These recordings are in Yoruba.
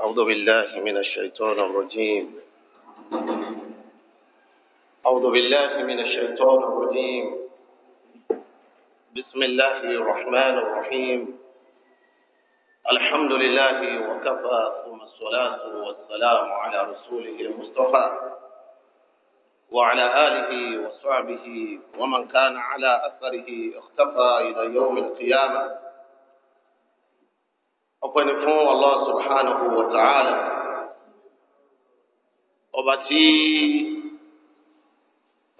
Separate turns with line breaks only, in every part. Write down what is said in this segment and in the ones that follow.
أعوذ بالله من الشيطان الرجيم أعوذ بالله من الشيطان الرجيم بسم الله الرحمن الرحيم الحمد لله وكفى ثم الصلاة والسلام على رسوله المصطفى وعلى آله وصحبه ومن كان على أثره اختفى إلى يوم القيامة ọpẹ́ ni fún Allah subhanahu wa ta'ala ọba tí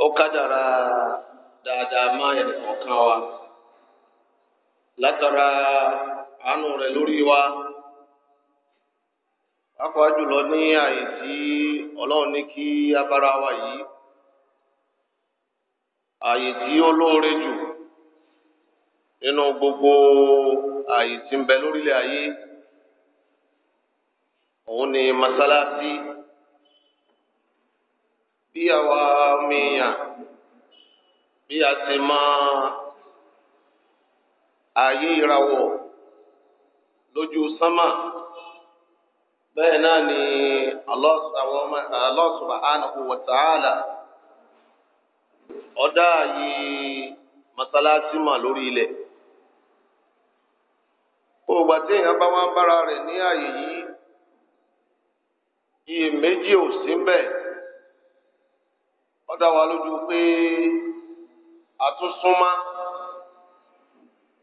ó kádàrá dáadáa máa yẹn kọ̀ọ̀kan wa látara àánú rẹ̀ lórí wa pápá jùlọ ní àyè tí Ọlọ́run ní kí abára wa yìí àyè tí ó lóore jù. nínú gbogbo ààyè tí ń bẹ lórílẹ̀ ayé òun ni masalasi bí àwa ọmọ èèyàn bí a ti mọ ààyè ìràwọ̀ lójú sánmà bẹ́ẹ̀ náà ni Allah subhanahu wa ta'ala ọ̀dá masalasi mà lórí ilẹ̀. ògbà tí èèyàn bá wá ń bára rẹ̀ ní ààyè yìí méjì ò sí ń bẹ̀ ó dá wa lójú pé àtúnsúnmá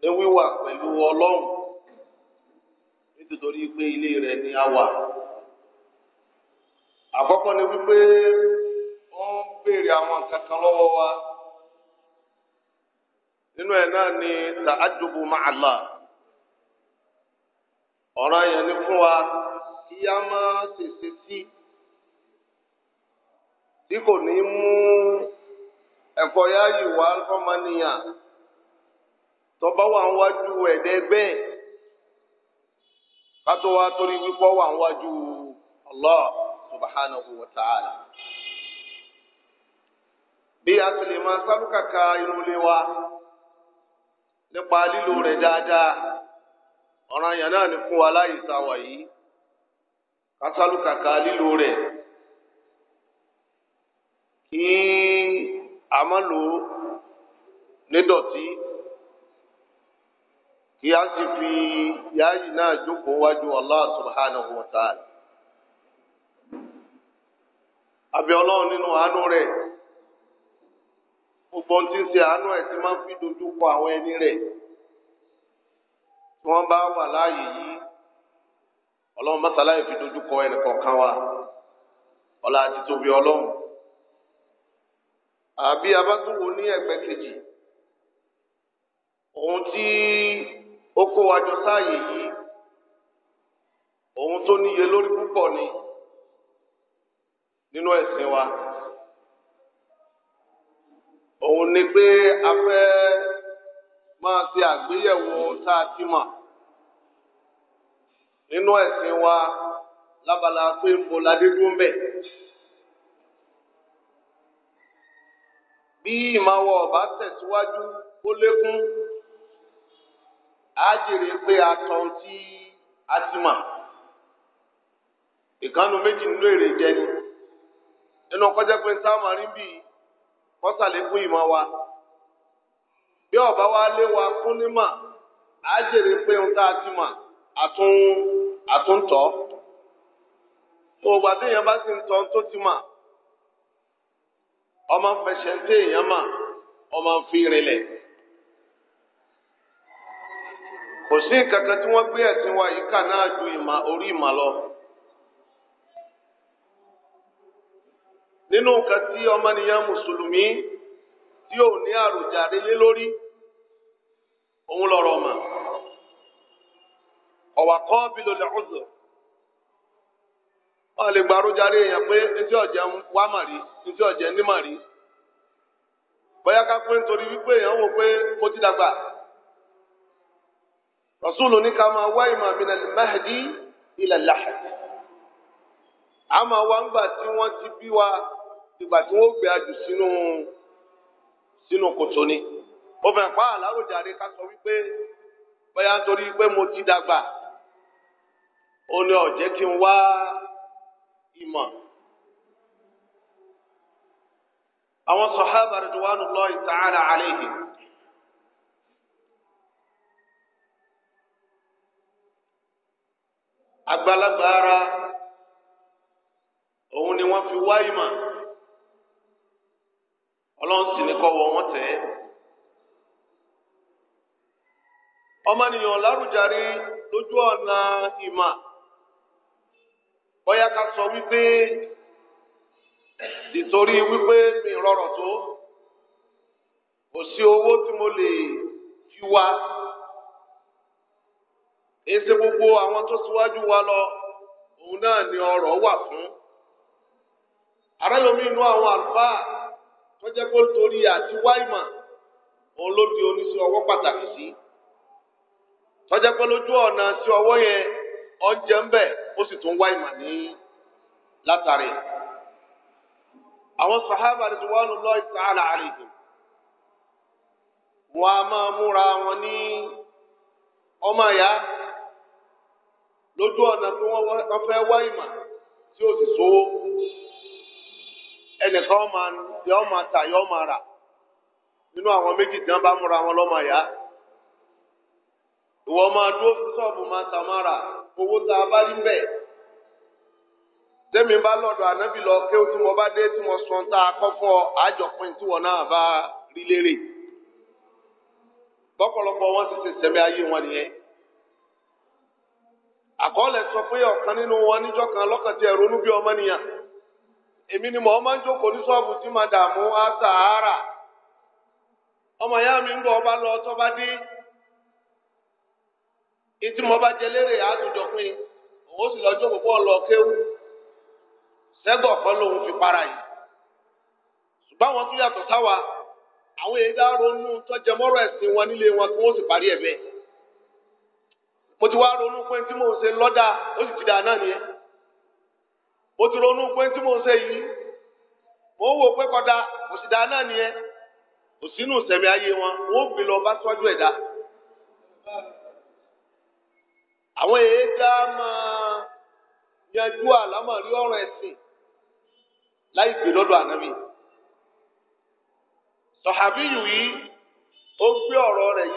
ní wíwà pẹ̀lú ọlọ́run nítorí pé ilé rẹ̀ ni a wà àkọ́kọ́ ni wípé ó ń béèrè àwọn nǹkan kan lọ́wọ́ wa nínú ẹ̀ náà ni tàájùbù máa ọ̀ràn yẹn ni fún wa kí a máa ṣèṣe sí tí kò ní mú ẹ̀kọ́ yá yìí wá fọ́mọnìyàn tọ́ba wà ń wájú ẹ̀dẹ́ bẹ́ẹ̀ kátó wa torí wípọ́ wà ń wájú Allah subhanahu wa ta'ala bí a sì lè máa sábùkàkà irun lé wa nípa lílo rẹ̀ ọ̀ràn yẹn náà ni fún wa láyé sáwà yìí kásálùkàkà lílo rẹ̀ kí a má lò ó nídọ̀tí kí a sì fi yáàyì náà jókòó wájú Allah subhanahu wa ta'ala àbí ọlọ́run nínú àánú rẹ̀ gbogbo ohun tí ń ṣe àánú ẹ̀ tí máa ń fi dojú kọ àwọn ẹni rẹ̀. tí wọ́n bá wà láàyè yìí ọlọ́run mọ́sálàyé fi dojú kọ ẹnì kọ̀ọ̀kan wa ọlá àti tóbi ọlọ́run àbí abátúwò ní ẹgbẹ́ kejì ohun tí ó kó wa jọ sáàyè yìí ohun tó níye lórí púpọ̀ ni nínú ẹ̀sìn wa òun ni pé a fẹ́. máa ṣe àgbéyẹ̀wò tá a ti nínú ẹ̀sìn wa lábala pé mo ládédú ń bí ìmọ̀wọ̀ ọ̀bá tẹ̀síwájú ó lékún á jèrè pé a tọ́ tí a ti mọ̀ ìkánu méjì nínú èrè jẹ ni nínú kọjá pé sáà bíi kọ́sàlékún ìmọ̀ bí ọba wa lé wa kún nímà á jèrè pé ohun tá a ti mà àtún àtúntọ́ ògbà téèyàn bá sì ń tọ́ tó ti mà ọmọ fi rinlẹ̀ kò sí nǹkan tí wọ́n gbé ẹ̀sìn wa yìí kà náà ju orí lọ. nínú nǹkan tí mùsùlùmí tí ò ní àròjàre lé lórí òun lọ̀rọ̀ mà ọ̀wà kọ́ bí ló lè ọ̀zọ̀ wọ́n lè gba àròjàre èèyàn pé etí ọ̀jẹ̀ ń wá màrí etí ọ̀jẹ̀ ní màrí bóyá ká pé nítorí wípé èèyàn wò pé mo ti dàgbà rasulu ní ká máa wá ìmọ̀ min al-mahdi ila al-lahd àmọ́ wa ń gbà tí wọ́n ti bí wa ìgbà tí wọ́n gbé àjù sínú. sínú kòtò ni ó fẹ́ pa àláròjàre ká sọ wípé bóyá nítorí pé mo ti dàgbà ó ní ọ̀jẹ́ kí n wá ìmọ̀. àwọn sọ̀hábà ridwanullahi ta'ala alayhim. àgbàlagbà ara òun ni wọ́n fi wá ìmọ̀. ọlọ́run sì ní kọ́wọ́ wọn tẹ̀ ẹ́. ọmọnìyàn lárújarí lójú ọ̀nà ìmà Bọ́yá ká sọ wípé nítorí wípé mi rọrọ̀ tó kò sí owó tí mo lè fi wá èsì gbogbo àwọn tó síwájú wa lọ òun náà ni ọrọ̀ wà fún. àrẹ́lómi inú àwọn àlùfáà. tó jẹ́ kó torí àti wá ìmọ̀ òun ló di oníṣẹ́ ọwọ́ pàtàkì sí tó jẹ́ pé lójú ọ̀nà sí ọwọ́ yẹn ọ̀jẹ̀ ń bẹ̀ ó sì tún wá ìmọ̀ ní látàrí àwọn sàhábà ridwanullahi ta'ala alaihim wọn a máa múra wọn ní ọmọ ìyá lójú ọ̀nà tí wọ́n fẹ́ wá tí ó sì sówó. ẹnìkan ọmọ yọ ọmọ tà yọ ọmọ rà nínú àwọn méjì tí wọn bá múra wọn lọmọ yá ìwọ máa dúró sí ṣọ́ọ̀bù máa tà máa rà owó tá a bá rí bẹ́ẹ̀ tẹ́mi bá lọ́dọ̀ ànábì lọ kí tí bá dé tí sọ tá ọ àjọpin tí wọn náà bá rí lérè wọn ti ṣe ayé wọn nìyẹn sọ pé èmi ni mọ̀ọ́ máa ń jókòó ní ṣọ́ọ̀bù tí màdàmú ọmọ ìyá mi ń ọba lọ tọ́ba dé ìtì mo bá jẹ lérè àtúnjọ pín òun ó sì lọ jókòó pọ̀ lọ kéwú sẹ́gọ̀ kan lòun fi para yìí ṣùgbọ́n àwọn tó yàtọ̀ sáwa àwọn èdè ronú ẹ̀sìn wọn nílé wọn kí wọ́n sì parí ẹ̀ bẹ́ẹ̀ mo ti tí ń ṣe lọ́dà ó sì o ti ronú pé tí yi ń ṣe yìí mo ń wò pé kọ́dà kò sì dáa sínú sẹ̀mí ayé wọn wọn ò àwọn èédá máa yanjú àlámọ̀rí ọ̀rọ̀ ẹ̀sìn láì gbé lọ́dọ̀ ànábì. yìí ó gbé ọ̀rọ̀ rẹ̀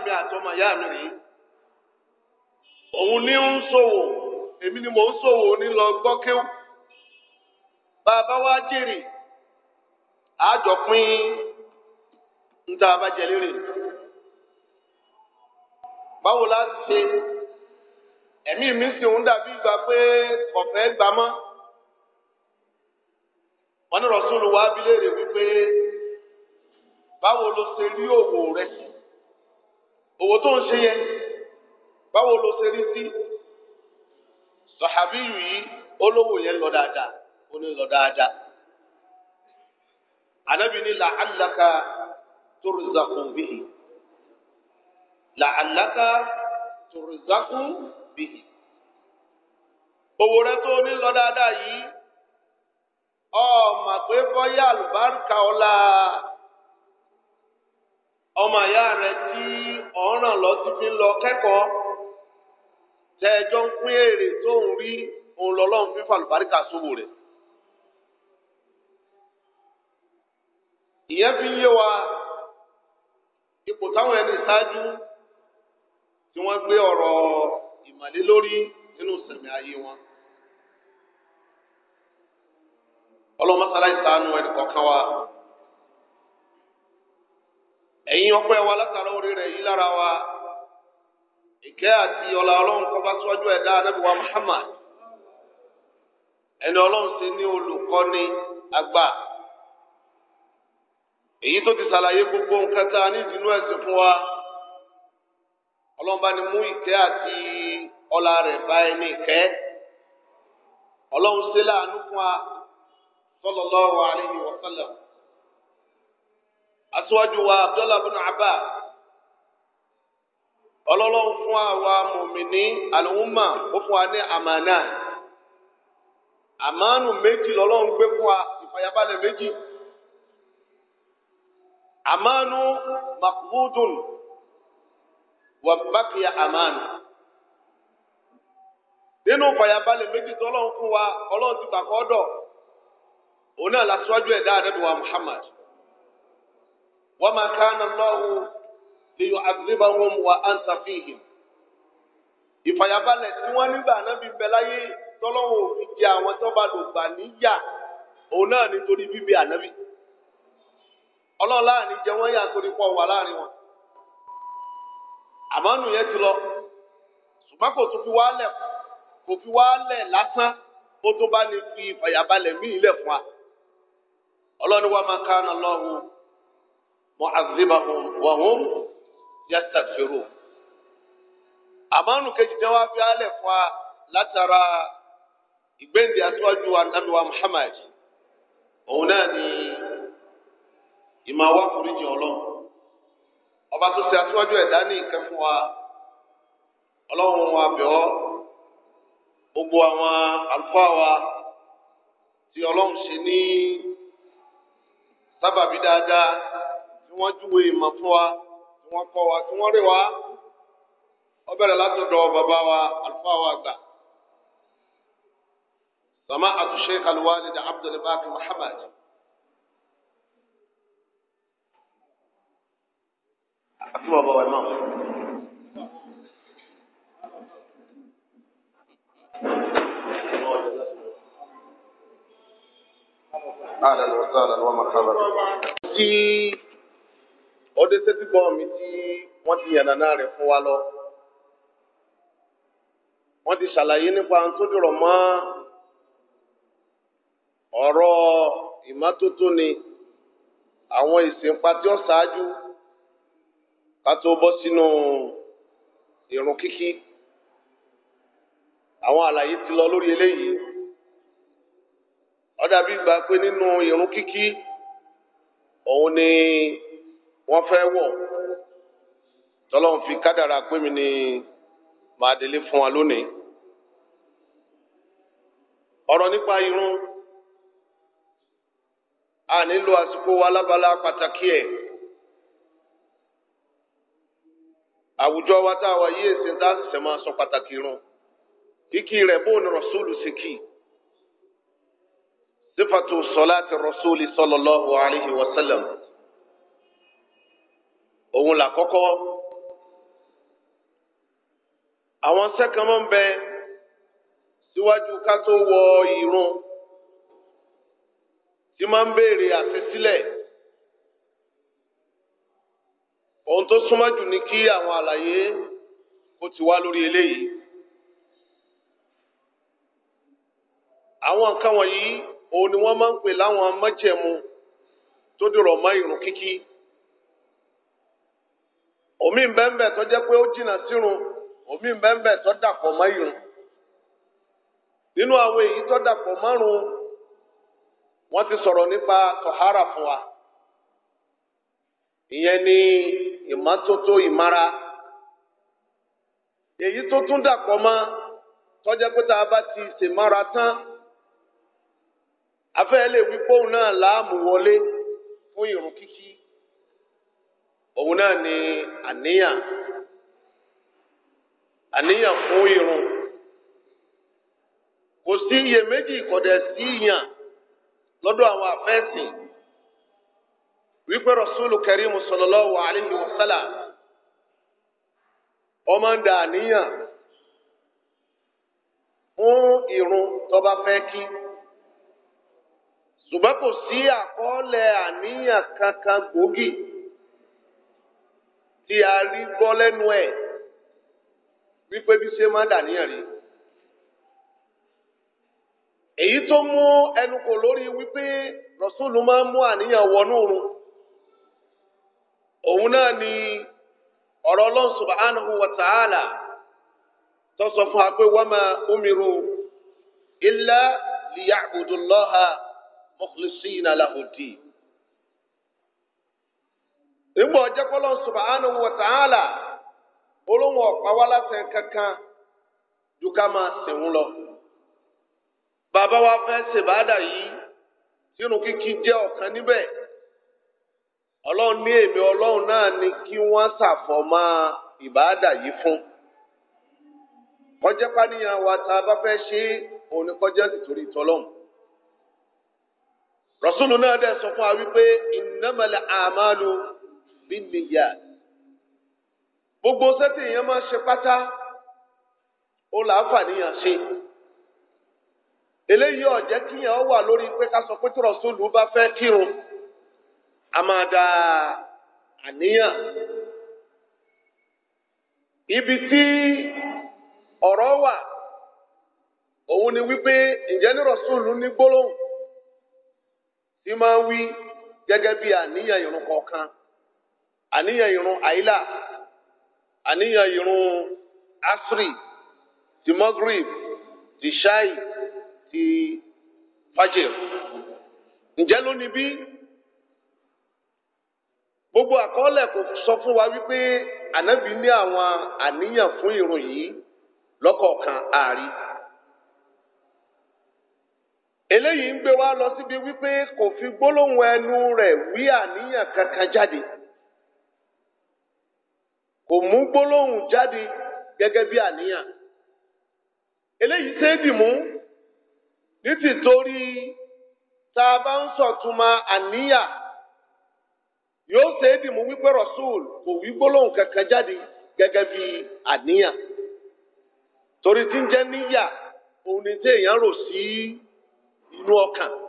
yìí òun ní ń ṣòwò èmi ni mò ń ṣòwò ní lọ gbọ́ kéwù bàbá wa jèrè àjọ pín níta abájẹ lérè báwo la ṣe ẹ̀mí mi sì ń dàbí ìgbà pé ọ̀fẹ́ gbámọ́ wọn ní rọ̀ṣúlù wa bi léèrè wípé báwo ló ṣe rí òwò rẹ owó tó ń ṣe yẹn báwo ló ṣe rí sí sọ̀hábíyù yìí olówó yẹn lọ dáadáa ó ní lọ dáadáa ànábì ní làálàkà turzaqun bihi làálàkà turzaqun bihi owó rẹ tó ní lọ dáadáa yìí ọmọ pé bọ́yá àlùbáríkà ọ̀la ọmọ ìyá rẹ tí ọ̀ràn lọ ti fi lọ kẹ́kọ̀ọ́. tẹ́ẹ̀jọ́ ń pín èrè tó ń rí òun lọ́lọ́run fífa àlùbáríkà sówó rẹ̀. ìyẹn fi yé wa ipò táwọn ẹni ṣáájú tí wọ́n gbé ọ̀rọ̀ ìmọ̀lé lórí nínú sẹ̀mí ayé wọn. ọlọ́mọsálá ìsànú ẹnì kọ̀ọ̀kan wa ẹ̀yin ọpẹ́ wa látara orí rẹ̀ lára wa. Ike àti ọla ọlọ́run kọ́ bá síwájú ẹ̀dá anábìwá Muhammad ẹni ọlọ́run sì ní olùkọ́ni àgbà èyí tó ti ṣàlàyé gbogbo nǹkan tá a ní ìdínú ẹ̀sìn fún wa ọlọ́run bá ní mú ìkẹ́ àti ọlá rẹ̀ bá ẹni ìkẹ́ ọlọ́run ṣe láàánú fún wa ọlọ́lọ́run fún àwa mùmíní àlùmọ́ ó fún wa ní àmàna àmánù méjì lọ́lọ́run gbé fún wa ìfàyàbalẹ̀ méjì àmánù makbudun wà bákìyà àmánù nínú ìfàyàbalẹ̀ méjì tọ́lọ́run fún wa ọlọ́run ti gbàkọ́ dọ̀ òun náà lásìwájú ẹ̀dá àdẹ́bíwá Muhammad wọ́n máa ká náà lọ́wọ́ liyu'adhibahum wa anta fihim ìfàyàbalẹ̀ tí wọ́n nígbà náà bí bẹ láyé tọ́lọ́wọ́ òfin jẹ àwọn tó bá lògbà níyà òun náà nítorí bíbí ànábì ọlọ́run láàrin jẹ wọ́n yà torí pọ̀ wà láàrin wọn àmọ́nù yẹn ti lọ ṣùgbọ́n kò tún fi wá lẹ̀ kò fi wá lẹ̀ lásán ó tó bá ní fi ìfàyàbalẹ̀ míì lẹ̀ fún wa ọlọ́run wa ma kana Allahu mu'adhibahum wa hum yàtàfẹ́rò àmọ́nù kejì tí wọ́n fi alẹ̀ fún wa látara ìgbéǹde àtúwájú Muhammad òun náà ni ìmọ̀ àwọn àforíjì ọlọ́run ọba tó ṣe àtúwájú ẹ̀dá ní nǹkan fún wa ọlọ́run wa bẹ̀ ọ́ gbogbo àwọn àlùfáà wa tí ọlọ́run ṣe ní sábàbí dáadáa tí wọ́n júwe ìmọ̀ fún wa wọ́n kọ́ wa tí wọ́n rí wa ó bẹ̀rẹ̀ látọ̀dọ̀ bàbá wa àlùfáà wa àgbà sàmà àtúnṣe kàlùwálì dà abdulbaki muhammad. àti bàbá wa náà. أهلا وسهلا ومرحبا. ó dé sétí gbọ́ mi tí wọ́n ti yànnà náà rẹ̀ fún wa lọ. wọ́n ti ṣàlàyé nípa tó dìrọ̀ mọ́ ọ̀rọ̀ ìmọ́tótó ni àwọn ìsìnpa tí ó ṣáájú ká tó bọ́ sínú ìrun kíkí àwọn àlàyé ti lọ lórí eléyìí ó dàbí gbà pé nínú ìrun kíkí òun ni. wọ́n fẹ́ wọ̀ tọ́lọ́run fi kádàrà pé mi ni màá délé fún wa lónìí ọ̀rọ̀ nípa irun a nílò àsìkò wa lábala pàtàkì ẹ àwùjọ wa tá a wà yí èsì tá sọ pàtàkì irun kíkí rẹ bó ni rọ̀súlù si kì í sífàtú òun làkọ́kọ́ kọ́kọ́ àwọn sẹ́kàn ń bẹ síwájú ká tó wọ ìrún tí máa ń béèrè àṣesílẹ̀ ohun tó súnmọ́ jù ní kí àwọn àlàyé kó ti wá lórí eléyìí àwọn nǹkan wọ̀nyí òun ni wọ́n máa ń pè láwọn májẹ̀mú tó dìrọ̀ mọ́ ìrún kíkí. omi bẹ́ẹ̀nbẹ́ẹ̀ tó jẹ́ pé ó jìnnà sírun omi bẹ́ẹ̀nbẹ́ẹ̀ tó dàpọ̀ mọ́yìrún nínú àwọn èyí tó márùn wọ́n ti sọ̀rọ̀ nípa tọhara fún wa ìyẹn ni ìmọ́tótó ìmára èyí tó tún dàpọ̀ mọ́ tó pé tá a bá ti ṣèmára tán afẹ́ fún òun náà ni àníyàn àníyàn fún irun kò sí iyèméjì kọ̀dẹ̀ sí ìyàn lọ́dọ̀ àwọn àfẹ́sìn wípé rasúlù kẹrìmù sallallahu alayhi wa sallam ó máa ń da àníyàn fún irun tó bá fẹ́ kí ṣùgbọ́n kò sí àkọọ́lẹ̀ àníyàn kankan gbòógì. tí a rí gbọ́ lẹ́nu ẹ̀ wípé bí ṣe máa dàníyàn rí èyí tó mú ẹnu kò lórí wípé rọ̀súlù máa ń mú àníyàn wọnú oorun òun náà ni ọ̀rọ̀ ọlọ́sùn subhanahu wa ta'ala tó sọ fún wa pé umiru illa nígbà ọjọ́ pọ́lọ́ subhanahu wa ta'ala olóhùn ọ̀pá wa láti kankan ju ká máa sìn ń lọ. bàbá wa fẹ́ ṣèbáàdà yìí sínú kíkí jẹ́ ọ̀kan níbẹ̀ ọlọ́run ní èmi ọlọ́run náà ni kí wọ́n ṣàfọ̀mọ́ ìbáàdà yìí fún. kọjá pàníyàn wa tá a bá fẹ́ ṣe òun ni kọjá nítorí tọ́lọ́hún. rọ̀ṣúlù náà dẹ̀ sọ fún wa wípé innamal a'malu. gbogbo sẹ́tì èèyàn máa ṣe pátá ó là ń ṣe eléyìí ọ̀jẹ́ kíyàn wà lórí pé ká sọ pé tí bá fẹ́ a máa da ibi tí ọ̀rọ̀ wà òun ni wípé ǹjẹ́ ní ni ní gbólóhùn tí máa ń wí gẹ́gẹ́ bí àníyàn àníyàn irun àìlà àníyàn irun asri ti magrib ti shai ti fajr ǹjẹ́ lónìí bí gbogbo àkọọ́lẹ̀ kò sọ fún wa wípé ànábì ní àwọn àníyàn fún irun yìí lọ́kọ̀ọ̀kan ààrí eléyìí ń gbé wa lọ síbi wípé kò fi gbólóhùn ẹnu rẹ̀ wí àníyàn kankan jáde. kò mú gbólóhùn jáde gẹ́gẹ́ bí àníyàn eléyìí tẹ́ mú nítìtorí tá a bá ń sọ̀túnmá àníyàn yóò mú wípé kò wí gbólóhùn kankan jáde gẹ́gẹ́ bí àníyàn torí tí ń jẹ́ níyà òun ni tí èèyàn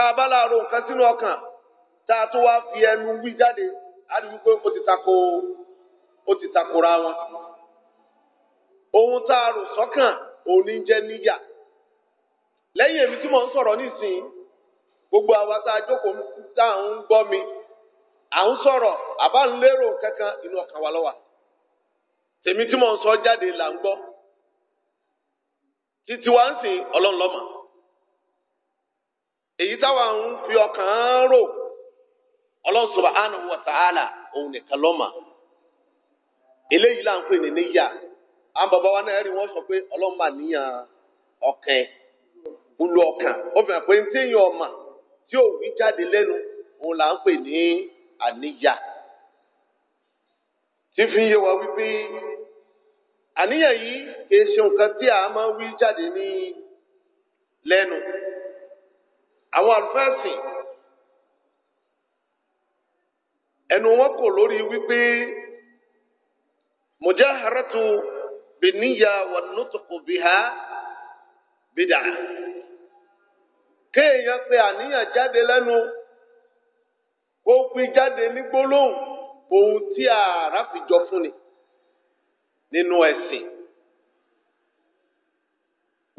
a bá láàárọ̀ nǹkan sínú ọkàn tá a tó wá fi ẹnu wí jáde á rí wípé ó ti takora wọn ohun tá a rò sọ́kàn òní jẹ́ níyà lẹ́yìn èmi tí mò ń sọ̀rọ̀ nísìnyí gbogbo àwa tá a jókòó tá à ń gbọ́ mi à ń sọ̀rọ̀ àbá ń lérò kankan inú ọkàn wa lọ́wọ́ tèmi tí mò ń sọ jáde là ń gbọ́ títí wá ń sìn ọlọ́run lọ́mọ èyí táwa ń fi ọkàn rò ọlọ́run subhanahu wa ta'ala òun nìkan lọ́mọ eléyìí là ń pè ní níyà àwọn bàbá wa náà rí wọn sọ pé ọlọ́run bá níyàn ọ̀kẹ́ olú ọkàn ó fi hàn pé ní téèyàn ọmọ tí ò wí jáde lẹ́nu òun là ń pè ní àníyà tí fi ń yé wa wípé àníyàn yìí kì í ṣe nǹkan tí a máa ń wí jáde ní lẹ́nu àwọn àlùfáàsìn ẹnu wọn kò lórí wípé. mujaharatu biniya wa nutuku biha bidà kéèyàn pé àníyàn jáde lẹ́nu kó pin jáde ní gbólóhùn ohun tí ààrá fi fún nínú ẹ̀sìn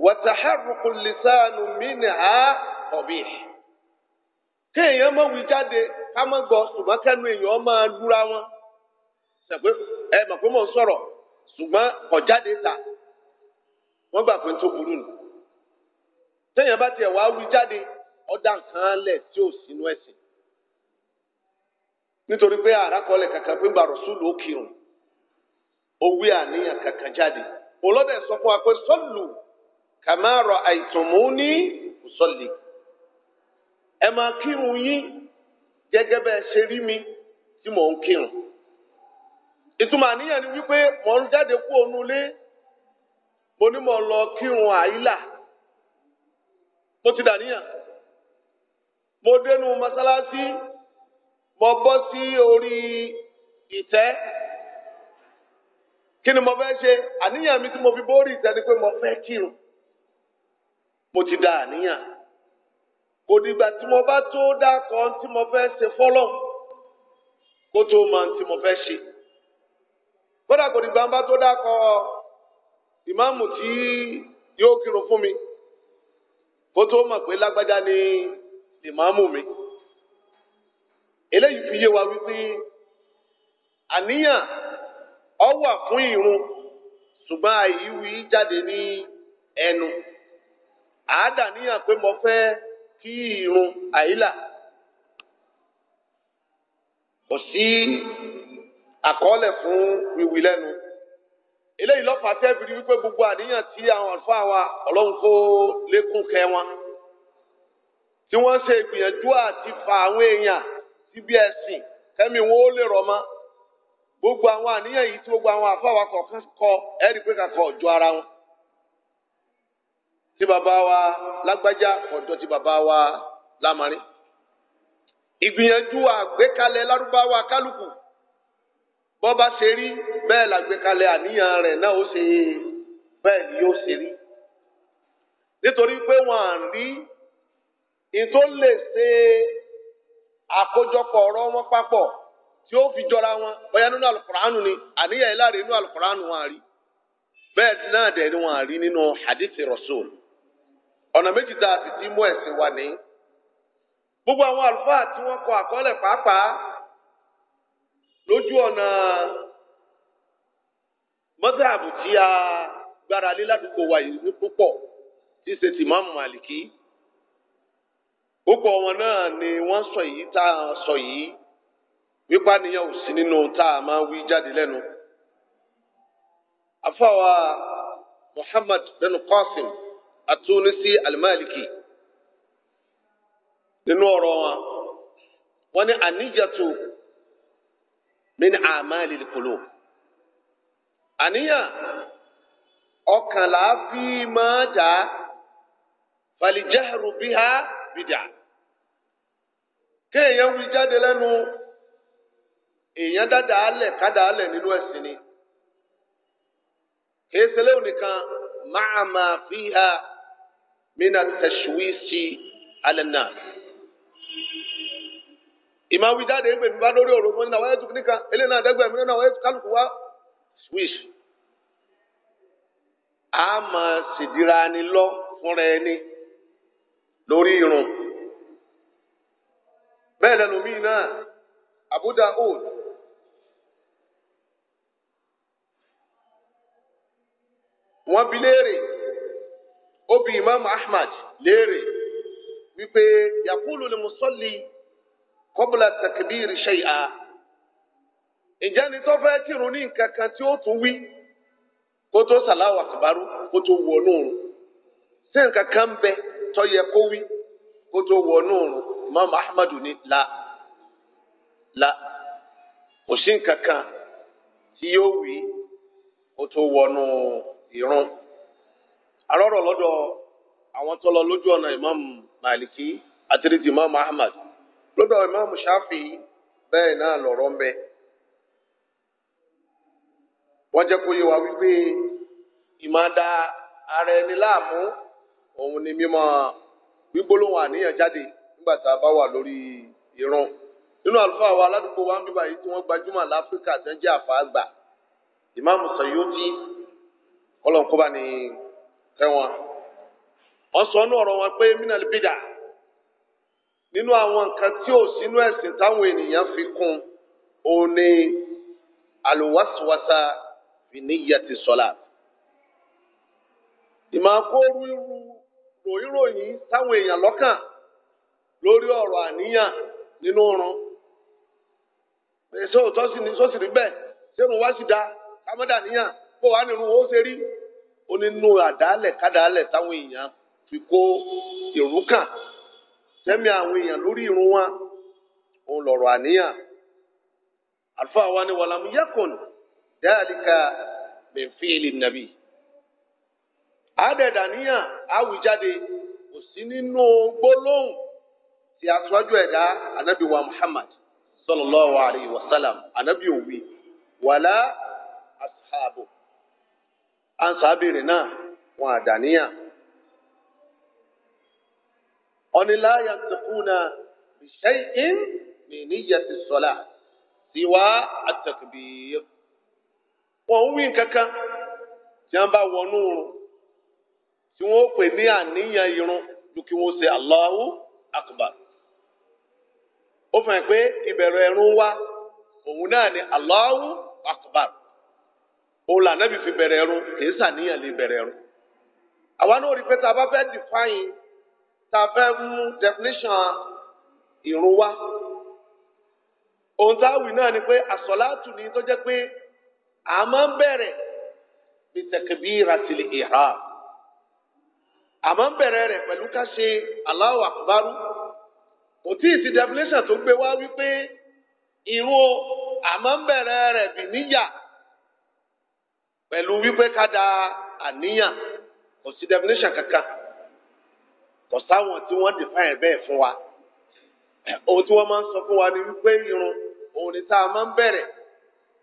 wàtàhárùkù lìsáànù mínà ọ̀bí kéèyàn mọ̀ èèyàn sẹpẹ ẹ mọ̀ pé mò ń sọ̀rọ̀ ṣùgbọ́n ọ̀jáde ta wọ́n gbà pé tó burú nù téèyàn bá tiẹ̀ wàá wí jáde ọ̀dà nǹkan lẹ̀ tí ò sínú ẹ̀sìn nítorí pé àràkọlẹ̀ kankan pé gbàrọ̀ sùlù ó kírun owó àníyàn kankan jáde olóde sọ fún wa pé sọ́lù kàmáàrọ̀ àìtùmù ní sọ́lì ẹ máa kírun yín gẹ́gẹ́ bẹ́ẹ̀ ṣe rí mi tí mò ń kírun ìtumọ̀ àníyàn ni wípé mò ń jáde kú ònú ilé mo ní mò ń lọ kírun àyílà mo ti dàníyàn mo dénú mọ́sálásí mo bọ́ sí orí ìtẹ́ kí ni mo fẹ́ ṣe àníyàn mi tí mo fi bórí ìtẹ́ ni pé mo fẹ́ kírun mo ti da àníyàn kò dìgbà tí mo bá tó dá kan tí mo fẹ́ ṣe fọ́lọ́ kó tó mọ tí mo fẹ́ ṣe kódà kò ní gbàǹbá tó dákọ ìmáàmù tí yóò kírun fún mi kó tó mọ̀ pé lágbájá ni ìmáàmù mi eléyìí fi yé wa wípé àníyàn ọ wà fún ìrun ṣùgbọ́n àìwí jáde ní ẹnu àádàníyàn pé mo fẹ́ kí ìrun àìlà kò sí àkọọ́lẹ̀ fún wíwí lẹ́nu eléyìí lọ́fà tẹ́bìrì wípé gbogbo àníyàn tí àwọn àlùfáà wa ọlọ́run kó lékún kẹ wọn tí wọ́n ṣe ìgbìyànjú àti fa àwọn èèyàn síbi ẹ̀sìn kẹ́mi wọn ó lè rọ̀ mọ́ gbogbo àwọn àníyàn yìí tí gbogbo àwọn àfáà wa kọ̀ọ̀kan kọ ẹ̀rí pé kàkọ́ ọ̀jọ́ ara wọn tí bàbá wa lágbájá ọ̀dọ̀ tí bàbá wa lámarin ìgbìyànjú àgbékalẹ̀ lárúbáwá kálukú bó bá ṣe rí bẹ́ẹ̀ làgbékalẹ̀ àníyàn rẹ̀ náà ó ṣe bẹ́ẹ̀ ni yóò ṣe rí nítorí pé wọn à rí ìtò lè ṣe àkójọpọ̀ ọ̀rọ̀ wọn papọ̀ tí ó fi jọra wọn bóyá nínú alukuraanu ni àníyàn yìí nínú alukuraanu wọn à rí bẹ́ẹ̀ náà dẹ̀ ni wọn à rí nínú hadith rasul ọ̀nà méjì tá a sì ti mú ẹ̀sìn wa ní. gbogbo àwọn àlùfáà tí wọ́n kọ àkọọ́lẹ̀ pàápàá lójú ọ̀nà mọ́sáàbù tí a gbára lé ládùúgbò wà ní púpọ̀ tí ṣe ti máa mú àlìkí púpọ̀ wọn náà ni wọ́n sọ yìí tá a sọ yìí wípá nìyẹn ò sí nínú tá a máa wí jáde lẹ́nu. afáwa Muhammad bin Qasim atúnisí alimaliki nínú ọ̀rọ̀ wọn wọ́n ní àníjàtò. min amali al-qulub àníyàn ọkàn la fi máa dà falijahru biha bidà kéèyàn wí jáde lẹ́nu èèyàn dáadáa lẹ̀ kádàá lẹ̀ nínú ẹ̀sìn ni kéésìlẹ̀ onìkan máa máa fi ha mina tashwisi ala nas. ìmọ̀ awi jáde ń pè mí bá lórí ọ̀rọ̀ mọ́ nínú àwọn ẹ̀tù nìkan eléyìí náà swish. a máa ṣèdíra ni lọ fúnra ẹni lórí irun bẹ́ẹ̀ lẹ́nu míì náà Abu wọ́n bi léèrè bi Imam Ahmad léèrè wípé yakulu ni musalli. kọ́bùlà takbiri ṣe à ǹjẹ́ ni tó fẹ́ kírun ní nǹkan kan tí ó tún wí kó tó sàláwà kàbárú kó tó wọ nóòrùn Ahmadu ni la la kò sí nǹkan kan tí yóò wí kó tó wọnú ìrun àrọ́rọ̀ lọ́dọ̀ àwọn Imam Maliki àti Imam Ahmad. lọ́dọ̀ ìmáàmù ṣáfì bẹ́ẹ̀ náà lọ̀rọ̀ ń bẹ wọ́n jẹ́ kó yé wa wípé ìmáàdá ara ẹni láàmú òun ni mímọ gbígbólóhùn àníyàn jáde nígbà tá a bá wà lórí ìran nínú àlùfáà wa aládùúgbò wa ń bíbá yìí tí wọ́n gbajúmọ̀ láfíríkà tí wọ́n jẹ́ àfáàgbà ìmáàmù Sayuti ọlọ́nkọ́ba ni kẹwọn wọ́n sọ ọ́nú ọ̀rọ̀ wọn pé mínàlì bídà nínú àwọn nǹkan tí ò sínú ẹ̀sìn táwọn ènìyàn fi kún òun ni àlùwàsíwàsá fìníyàtì sọlá ìmọ̀kóoru irú ròyìnròyìn táwọn èèyàn lọ́kàn lórí ọ̀rọ̀ àníyàn nínú ọ̀run èso òótọ́ sì ní sọ́sì rí bẹ́ẹ̀ sẹ́nu wá sì dá kámẹ́dà níyàn kó wàá nírú ó ṣe rí onínú àdálẹ̀ kádàálẹ̀ táwọn èèyàn fi kó ìrú kàn sẹ́mi àwọn èèyàn lórí irun wa òun lọ̀rọ̀ àníyàn àlùfáà wa ni wàlámù yẹ́kùn dáàlíkà mẹ́fìlì nàbì àádẹ́dàníyàn àwùjáde kò sí nínú gbólóhùn ti aṣáájú ẹ̀dá anábì Muhammad sallallahu alayhi wa sallam anábì òwe wàlá ashabu ansabiri náà wọn àdàníyàn ọ̀nìlá yàtọ̀kùnà bìṣẹ́yìn mi níyàtì sọ́lá tiwa àtàkùbìyẹ. wọn ń wí kankan tí wọn bá wọnú oorun tí wọn ó pè ní àníyàn irun ju kí wọn ṣe Allahu akbar. ó fẹ́ pé ìbẹ̀rẹ̀ ẹ̀rún wá òun náà ni Allahu akbar. òun làná fi bẹ̀rẹ̀ ẹ̀rún kì í sàníyàn lè bẹ̀rẹ̀ ẹ̀rún. àwa náà rí pé tá a bá fẹ́ define. ta fẹ́ mú definition wá ohun tá náà ni pé àsọ̀látù ni tó jẹ́ pé a máa ń bẹ̀rẹ̀ bí takbiratil ìhà a máa ń bẹ̀rẹ̀ rẹ̀ pẹ̀lú ká ṣe kò tí ì definition tó gbé wá wípé ìrun a máa ń bẹ̀rẹ̀ rẹ̀ bí níyà pẹ̀lú wípé ká da àníyàn kò sí definition kankan. ọ̀sáwọn tí wọ́n define bẹ́ẹ̀ fún wa ohun tí wọ́n máa ń sọ fún wa ni wípé irun òun ni tá a máa ń bẹ̀rẹ̀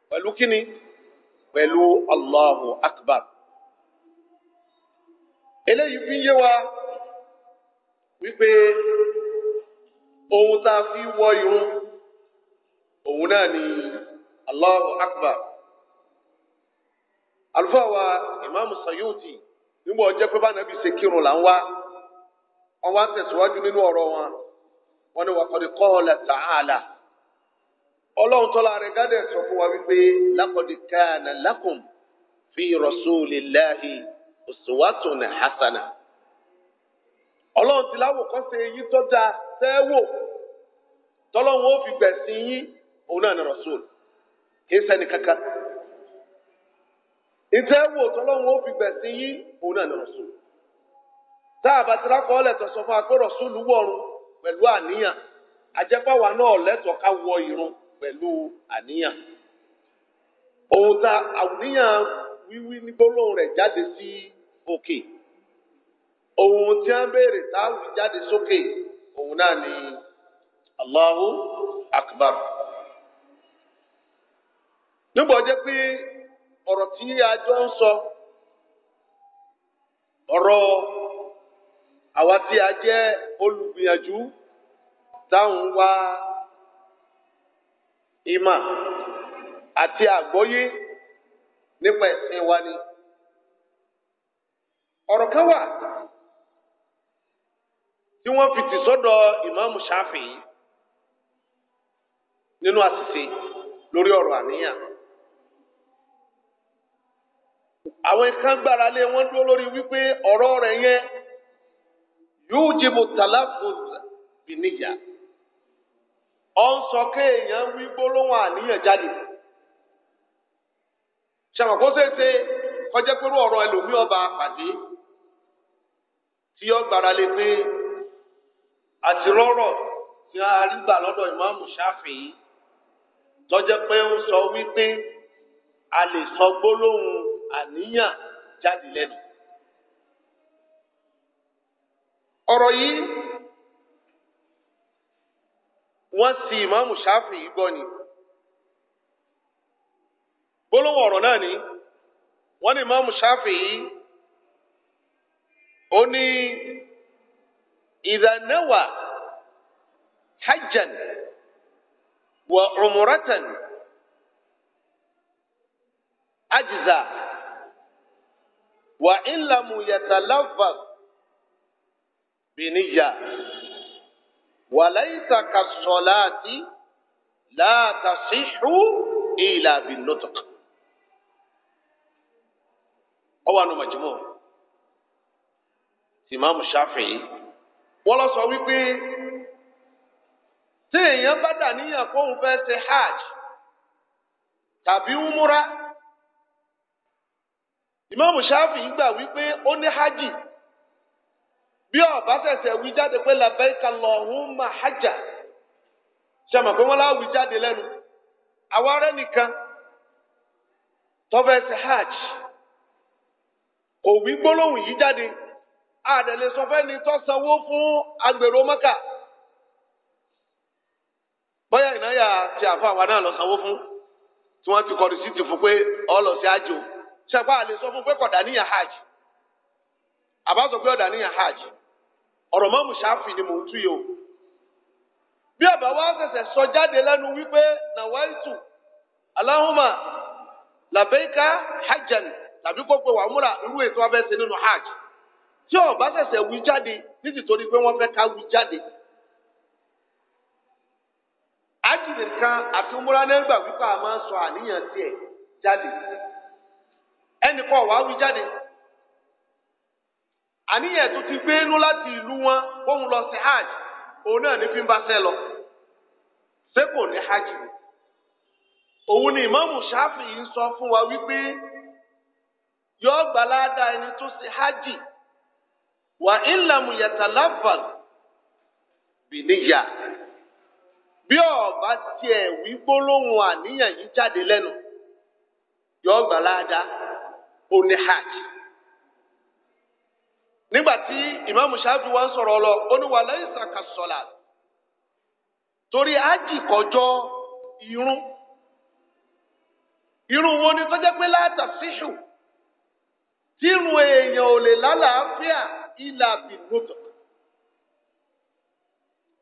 pẹ̀lú kíni pẹ̀lú Allahu Akbar eléyìí fi ń yé wa wípé ohun tá a fi wọ irun òun náà ni Allahu Akbar àlùfáà wa ìmáàmù Sayuti nígbà ọjọ́ pé bá nàbí ṣe kírun là ń wá. wọ́n wá ń tẹ̀síwájú nínú ọ̀rọ̀ wọn wọ́n ní wàkọ́ni qala ta'ala ọlọ́run tọ́lá rẹ̀ gádẹ̀ sọ fún wa wípé laqad kana lakum fi rasulillahi hasana ọlọ́run ti láwòkọ́ ṣe èyí tó dáa sẹ́wò tọ́lọ́run ó fi gbẹ̀sìn yín òun náà ní rasul kì í sẹ́ni kankan ìtẹ́wò tọ́lọ́run ó fi gbẹ̀sìn yín tá a bá ti rákọ̀ ọ̀lẹ́tọ̀ sọ fún akọ́rọ̀ sólù wọ̀run pẹ̀lú àníyàn àjẹpáwa náà lẹ́tọ̀ọ́ ká wọ irun pẹ̀lú àníyàn ohun ta àníyàn wíwí ní gbólóhùn rẹ̀ jáde sí òkè ohun tí a ń béèrè táwùí jáde sókè òun náà ni Allahu Akbar nígbà jẹ́ pé ọ̀rọ̀ tí a jọ ń sọ ọ̀rọ̀. àwa tí a jẹ́ olùgbìyànjú táwọn wá ìmọ̀ àti àgbọ́yé nípa ẹ̀sìn wa ni. ọ̀rọ̀ kan wà tí wọ́n fi tì sọ́dọ̀ ìmáàmù ṣáfì nínú àṣìṣe lórí ọ̀rọ̀ àníyàn. àwọn kan gbára lé wọn dúró lórí wípé ọ̀rọ̀ rẹ̀ yẹn yújìbù tàlàfùz bìníyà ọ ń sọ kéèyàn wí gbólóhùn àníyàn jáde ṣàmùkó ṣeéṣe kọjá pẹ̀lú ọ̀rọ̀ ẹlòmíì ọba pàdé tí ó gbára lé pé àti rọ́rọ̀ tí a rí gbà pé ó sọ wípé a lè sọ gbólóhùn àníyàn jáde lẹ́nu. ọ̀rọ̀ yìí wọ́n sì ìmáàmù ṣáfì yìí gbọ́ ni gbólóhùn ọ̀rọ̀ náà ni wọ́n ní ìmáàmù ṣáfì yìí ó ní ìdánáwà hajjan wa umratan ajza wa in lam bìníyà wàláyìíta ka sọláàtì láàtà síṣú ìlà bìnútùk. ọwọ́ àná màjúmọ́ tìmáàmù Ṣáfi'í wọ́n lọ sọ wípé tí èèyàn bá dà níyàn kóun fẹ́ ṣe hajj tàbí umura ìmáàmù Ṣáfi'í gbà wípé ó ní hajj. bí ọba tẹsẹ̀ wí jáde pé labẹ́ka lọ́hùn má hajjá ṣe mọ̀ pé wọ́n láwọn wí jáde nìkan tọ́fẹ́ hajj kò wí gbólóhùn yìí jáde àdẹ̀lẹ̀ sọfẹ́ ni sanwó fún agbèrò mọ́kà bọ́yá ìnáyà ti àfọ náà lọ sanwó fún tí wọ́n ti sí ti fún pé ọlọ́ sí hajj àbá sọ pé ọ̀dà hajj. ọ̀rọ̀ mọ́mù ṣáfì ni mò ń tú yìí o bí ọba wa sẹsẹ sọ jáde lẹ́nu wípé nàwáìtù aláhùnmá làbẹ́ká hajjan tàbí kó pe wàmúra irú ètò abẹ́sẹ̀ nínú hajj tí ọba sẹsẹ wí jáde nítorí pé wọ́n fẹ́ ká wí jáde àti a máa sọ àníyàn tiẹ̀ jáde ẹnì kan wàá wí jáde. àníyàn tó ti gbé inú láti ìlú wọn wọ́n lọ sí hajj òun náà ní fi ń bá sẹ́ lọ ṣé kò ní hajj òun ni ìmáàmù ṣáfì yìí ń sọ fún wa wípé yọ gbàládà ẹni tó ṣe hajj wà ìlàmù yàtàlábà bìníyà bí ọba tiẹ̀ wí gbólóhùn àníyàn yìí jáde lẹ́nu yọ gbàládà ó ní hajj. Nigbati tí ìmáàmù ṣáfi wá ń sọ̀rọ̀ oníwà lẹ́yìn sàkàsọ̀là torí ájì irun irun wo ni pé látàfíṣù tí irun èèyàn ò lè lálàáfíà ìlà bìnnútọ̀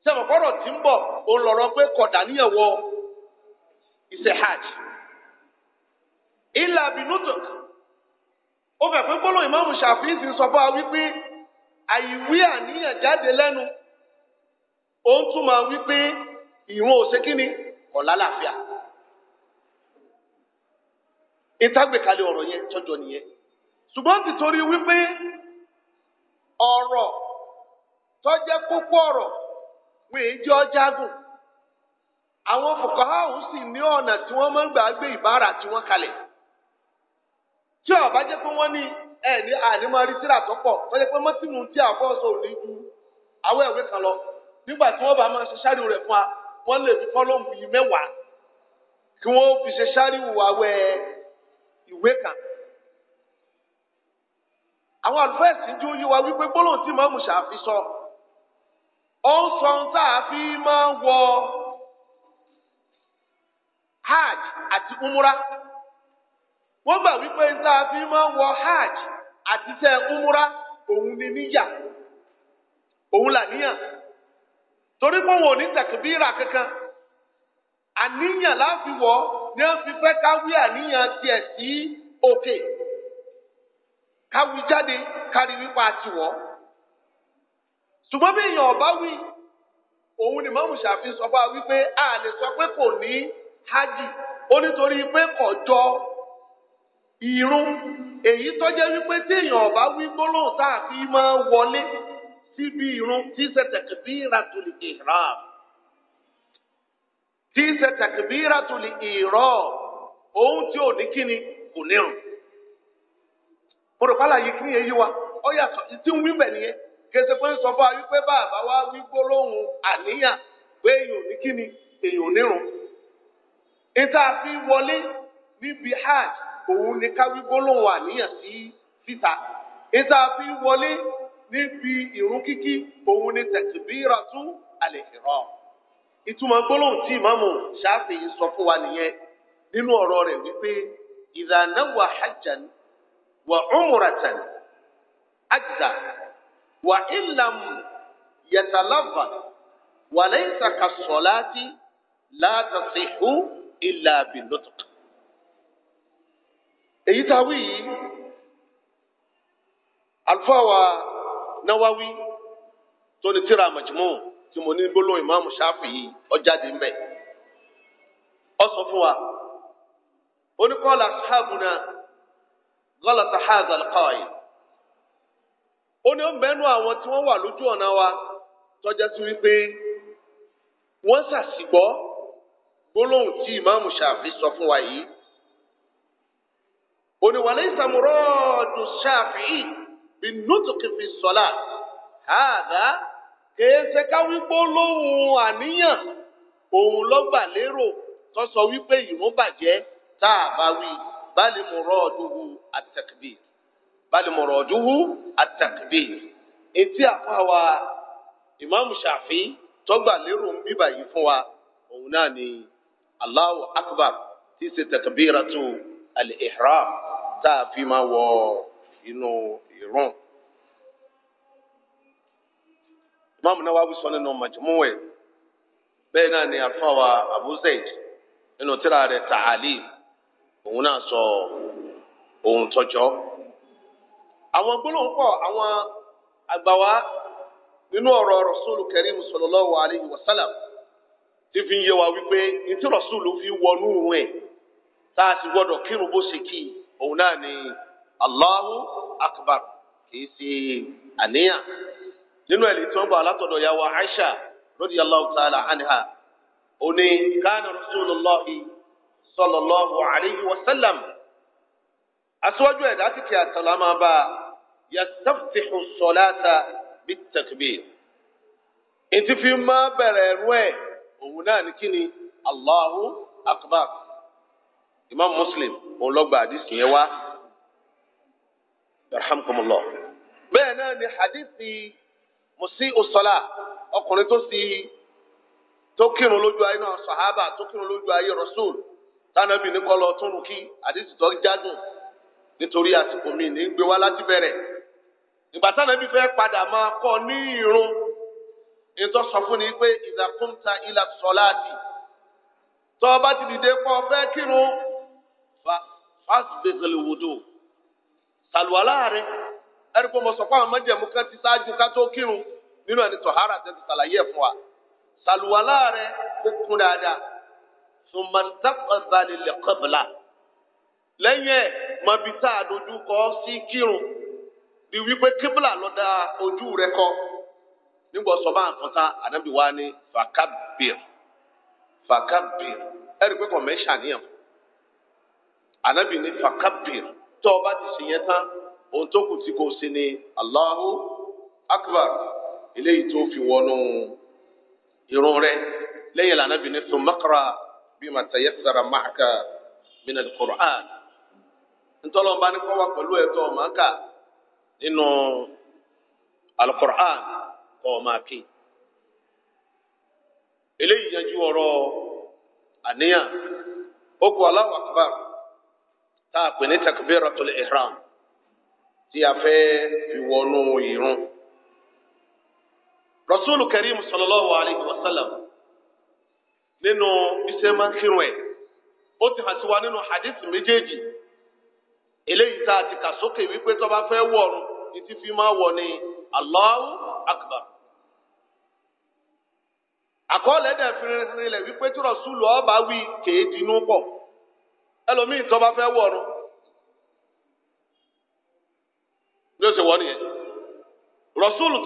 sẹ́wọ̀kọ́rọ̀ pé hajj ó fẹ́ pé gbólóhùn ìmáàmù Ṣàfi'í sì sọ fún wa wípé àìwí àníyàn jáde lẹ́nu ó ń túmọ̀ wípé ìrun ò ṣe kí ni kò lálàáfíà ìtàgbékalẹ̀ ọ̀rọ̀ yẹn tọ́jọ́ nìyẹn ṣùgbọ́n nítorí wípé ọ̀rọ̀ tó jẹ́ kókó ọ̀rọ̀ wọ́n èyí jẹ́ ọjàgùn àwọn fòkàhà ọ̀hún sì ní ọ̀nà tí wọ́n máa ń gbà gbé ìbára tí wọ́n kalẹ̀ tí ọba jẹ́ pé wọ́n ní ẹ̀ ní ànímọ́ rí tíra tó pọ̀ tó jẹ́ pé mọ́tìmù tí àfọ́sọ ò ní ju àwọn ìwé kan lọ nígbà tí wọ́n bá máa ṣe ṣáàrì rẹ̀ fún wa wọ́n lè fi kọ́lọ́mù yìí mẹ́wàá kí wọ́n fi ṣe ṣáàrì wà wẹ́ ìwé kan. àwọn àlùfẹ́ẹ̀sì ju yí wa wípé gbólóhùn tí màmú ṣàfi sọ ó ń sọ ohun tá a fi máa wọ hajj àti umura wọ́n gbà wípé tá a fi máa ń wọ hajj àti tẹ umra òun ni níyà òun là níyàn torí pé wọn ò ní tẹkbíra kankan àníyàn láfi ni wọ́n fi fẹ́ káwí àníyàn tiẹ̀ sí òkè káwí jáde kárí wípé a ti wọ ṣùgbọ́n bí èèyàn ọba wí òun ni mọ́mù ṣàfihàn sọ wípé a lè sọ pé kò ní hajj ó nítorí pé kò jọ ìrun èyí tó jẹ́ wípé téèyàn ọ̀bá wí gbólóhùn tá a fi máa wọlé síbi ìrun tí ṣe takbiratul ihram tí ṣe takbiratul ihram ohun tí ò ní kíni kò nírun. mo rò yìí kí ni èyí wa ó yàtọ̀ tí ń wí bẹ̀ nìyẹn kèsì pé ń sọ fún wa wípé bàbá wa wí gbólóhùn àníyàn pé èyàn ò ní kíni èyàn ò nírun. ìta fi wọlé níbi hajj òun ni ká wí gbólóhùn àníyàn sí síta ìta fi wọlé níbi ìrún kíkí òun ni takbiratu al-ihram ìtumọ̀ gbólóhùn tí ìmáàmù Ṣáfi'í sọ fún wa nìyẹn nínú ọ̀rọ̀ rẹ̀ wípé idha nawwa hajjan wa umratan ajza wa illam yatalava wa laysa ka salati la tasihu illa bil èyí tá a wí yìí àlùfáà wa náwáwí tó ní tíra àmàjùmọ́ tí mo ní gbólóhùn ìmáàmù ṣáfì yìí ọjáde mbẹ ọ sọ fún wa ó ní kọ́lá sáàbùnà gọ́lá sàhádà lọ́kọ́ọ̀yì ó ní ó mẹ́nu àwọn tí wọ́n wà lójú ọ̀nà wa tọ́jà sí wípé wọ́n ṣàṣìgbọ́ gbólóhùn tí ìmáàmù ṣáfì sọ fún wa yìí oníwàlẹ́ ìsàmúrọ́ọ̀dù ṣáfi'í bínútùkì fi sọ́lá káàdá kèése ká wípé lóhùn àníyàn òun lọ́gbà lérò tó sọ wípé ìrún bàjẹ́ tá a bá wí bali mọ̀rọ̀ọ̀dùhù àtàkbí bali mọ̀rọ̀ọ̀dùhù àtàkbí etí àfa wa ìmáàmù ṣàfi tọ́gbà lérò ń bíbà yìí fún wa òun náà ni Allahu akbar tí í ṣe takbiratu al-ihram. tá a fi máa wọ inú ìrun. ìmáàmù Nawawi sọ nínú màjúmú ẹ̀ bẹ́ẹ̀ náà ni àfọwà Abu Zayd nínú tírà rẹ̀ tààlì òun náà sọ ohun tọjọ́. àwọn gbólóhùn pọ̀ àwọn àgbàwá nínú ọ̀rọ̀ Rasulu Karim sallallahu alayhi wa sallam ti fi ń yé wa wípé ntí Rasulu fi wọnú tá a sì gbọ́dọ̀ kírun bó ṣe òun náà ni Allahu Akbar kìí ṣe àníyàn nínú ẹ̀lí tí wọ́n bọ̀ alátọ̀dọ̀ ya wa Aisha radiyallahu ta'ala anha òní kánà Rasulullahi sallallahu alayhi wa sallam aṣíwájú ẹ̀dá ti kí àtàlámà bá yastaftihu salata bit takbir ètí fi máa bẹ̀rẹ̀ ẹ̀rú ẹ̀ òun náà ní kíni Allahu Akbar imam muslim òun ló gba àdìsí yẹn wá alhamdulillah bẹ́ẹ̀ náà ni àdìsí musi usola ọkùnrin tó sì tó kírun lójú ayé náà sahaba tó kírun lójú ayé rasul tánàbì ní kọlọ tó rù kí àdìsí tó jádùn nítorí àsìkò mi ní gbé wá láti bẹ̀rẹ̀ ìgbà tánàbì fẹ́ padà máa kọ́ ní irun ètò sọ fún ni pé ìdàkúntà ilà sọláàdì tọ́ ọ bá ti dìde pọ̀ fẹ́ kírun asibikili wudu sàlùwàlá rẹ ẹni pé mo sọ fún àwọn mọ́jẹ̀mú kan ti ṣáájú ká tó kírun nínú ẹni tọ̀hárà tẹ́ ti ṣàlàyé ẹ̀ fún wa sàlùwàlá rẹ ó kún dáadáa sùmọ̀ntàkọ̀ǹdàlì lẹ́kọ̀bìlà lẹ́yìn ẹ̀ mọ̀bí tá a dojú kọ sí kírun di wípé kíbìlà ló da ojú rẹ kọ nígbà sọ bá ń fọta ànábì wa ni fàkàbìr fàkàbìr ẹni pé kò mẹ́ṣà níyàn fún. anabi ní fakabir tó o bá ti ṣe yẹn tán ohun tó kù tí kò ṣe ni Allahu akbar eléyìí tó fi wọnú irun rẹ̀ lẹ́yìn lànàbì ní sumakara bima tayassara ma'aka minal qur'an ntọ́lọ́mba ní kọ́ wa pẹ̀lú ẹ̀tọ́ màkà nínú alukur'an kọ́ máa kí eléyìí yanjú ọ̀rọ̀ àníyàn ó kú Allahu akbar. tá a pè ní takbiratul ihram tí a fẹ́ fi wọnú ìrun. rasulu karim sallallahu alayhi wa sallam nínú iṣẹ́ máa ń kírun ẹ̀ ó ti hàn sí wa nínú hadith méjèèjì eléyìí tá a ti kà sókè wípé tó bá fẹ́ wọ̀run ní ti fi máa wọ̀ ni Allahu Akbar. àkọọ́lẹ̀ ẹlòmíì tó bá fẹ́ wọ̀run bí ṣe wọ̀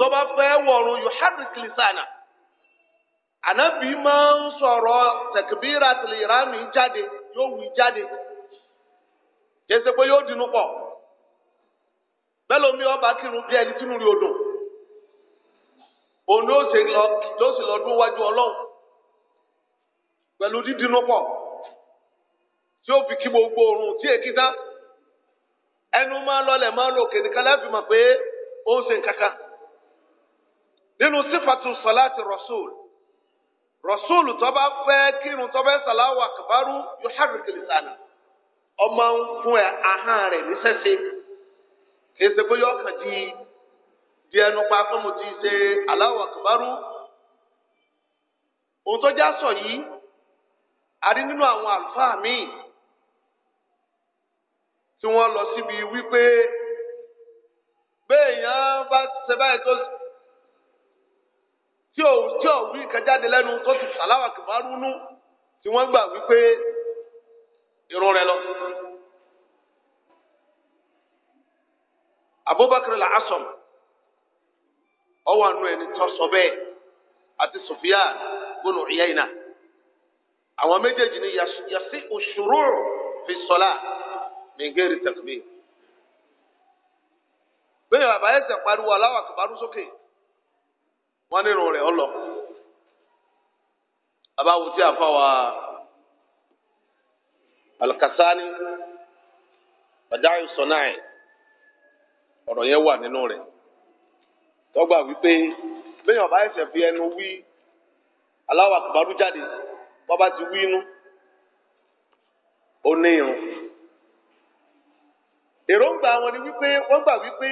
tó bá fẹ́ wọ̀run yóò hàbí ànábì máa ń sọ̀rọ̀ tẹ̀kìbíra tìlìrámì jáde yóò wí jáde kìí ṣe pé yóò dínú pọ̀ bẹ́ẹ̀ ọba kírun bí ẹni tínú rí odò òun ló tí ó fi kí gbogbo oorun tí èkí ẹnu máa lọlẹ̀ máa lọ òkè nìkan láti mọ̀ pé ó ń ṣe nǹkan kan nínú sífàtú sọláàtì rọ̀ṣúl rọ̀ṣúl tó bá fẹ́ kírun tó bẹ́ sàláwà àkàbárú yóò hàrìkì ọmọ ń fún rẹ̀ di di ẹnu pa ti ṣe aláwọ̀ àkàbárú tó já sọ yìí a rí nínú àwọn tí wọ́n lọ síbi wípé béèyàn bá ṣe báyìí tó tí ò tí ò wí kẹjáde lẹ́nu tó ti sàláwà kìmárúnú tí wọ́n gbà wípé irun rẹ̀ lọ. Abubakar al-Asom ọwọ ẹni tó sọ bẹ́ẹ̀ àti àwọn méjèèjì ni yasi òṣùrù fi sọlá. min ghairi takbir bẹ́ẹ̀ bàbá ẹsẹ̀ pariwo sókè wọ́n nínú ọlọ a fa wa alakasani ọrọ yẹn wà nínú rẹ tọgbà wípé bẹ́ẹ̀ ọba ẹsẹ̀ fi ẹnu wí Allahu jáde bọba ti wí inú ó ní èròǹgbà wọn ni wípé wọ́n gbà wípé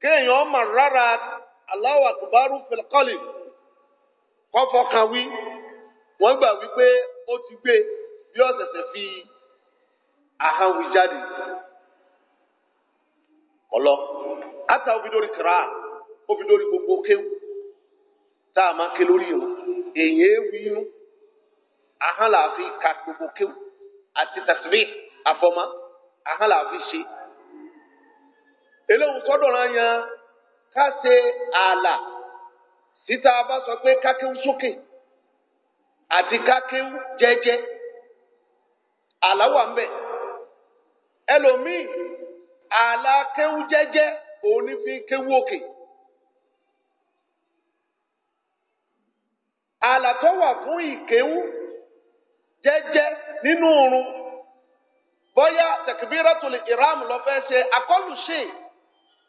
kéèyàn ọmọ rárá Allahu akbaru fil qalb wí wọ́n gbà wípé ó ti gbé bí ọ̀sẹ̀sẹ̀ fi ahọ́n wí jáde ọlọ ata obi lórí kra obi lórí gbogbo kéwù tá a máa ké lórí ìwọ èèyàn éwu inú ahọ́n làá fi ka gbogbo kéwù. àti tasbih àfọmọ́ àhán làá fi ṣe eléhùn sọ́dọ̀rọ̀ yan ká ṣe ààlà síta bá sọ pé kákéwú sókè àti kákéwú jẹ́jẹ́ ààlà wà ń bẹ ẹlòmíì ààlà kéwú jẹ́jẹ́ òun ní fi kéwú òkè ààlà tó wà fún ìkéwú. jẹjẹ nínú oorun bóyá takbiratul iram lọ fẹ́ ṣe akọlù ṣe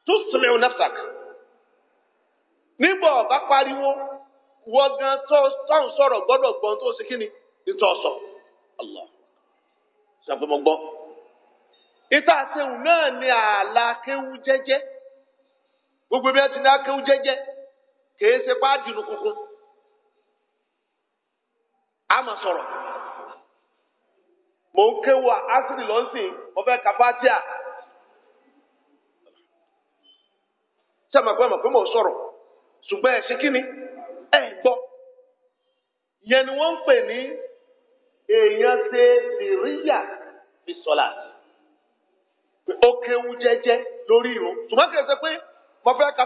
tusmi'u nafsak ọba pariwo wọgán tó tán gbọ́n tó ṣe kíni ìtọ sọ Allah ìta náà ni ààlà gbogbo bí ti ní akéwú jẹ́jẹ́ kèé ṣe pàdínù kúkú mo ń kéwà ásìrì ló ń sìn mo fẹ́ ka fátíà sẹ́mọ̀pẹ́ mọ̀ pé mò sọ̀rọ̀ ṣùgbọ́n ẹ̀ ṣe kí ni ẹ̀ gbọ́ yẹn ni wọ́n ń pè ní èèyàn ṣe fìríyà fi sọ̀là ó kéwu jẹ́jẹ́ lórí irun ṣùgbọ́n kìí ṣe pé mo fẹ́ ka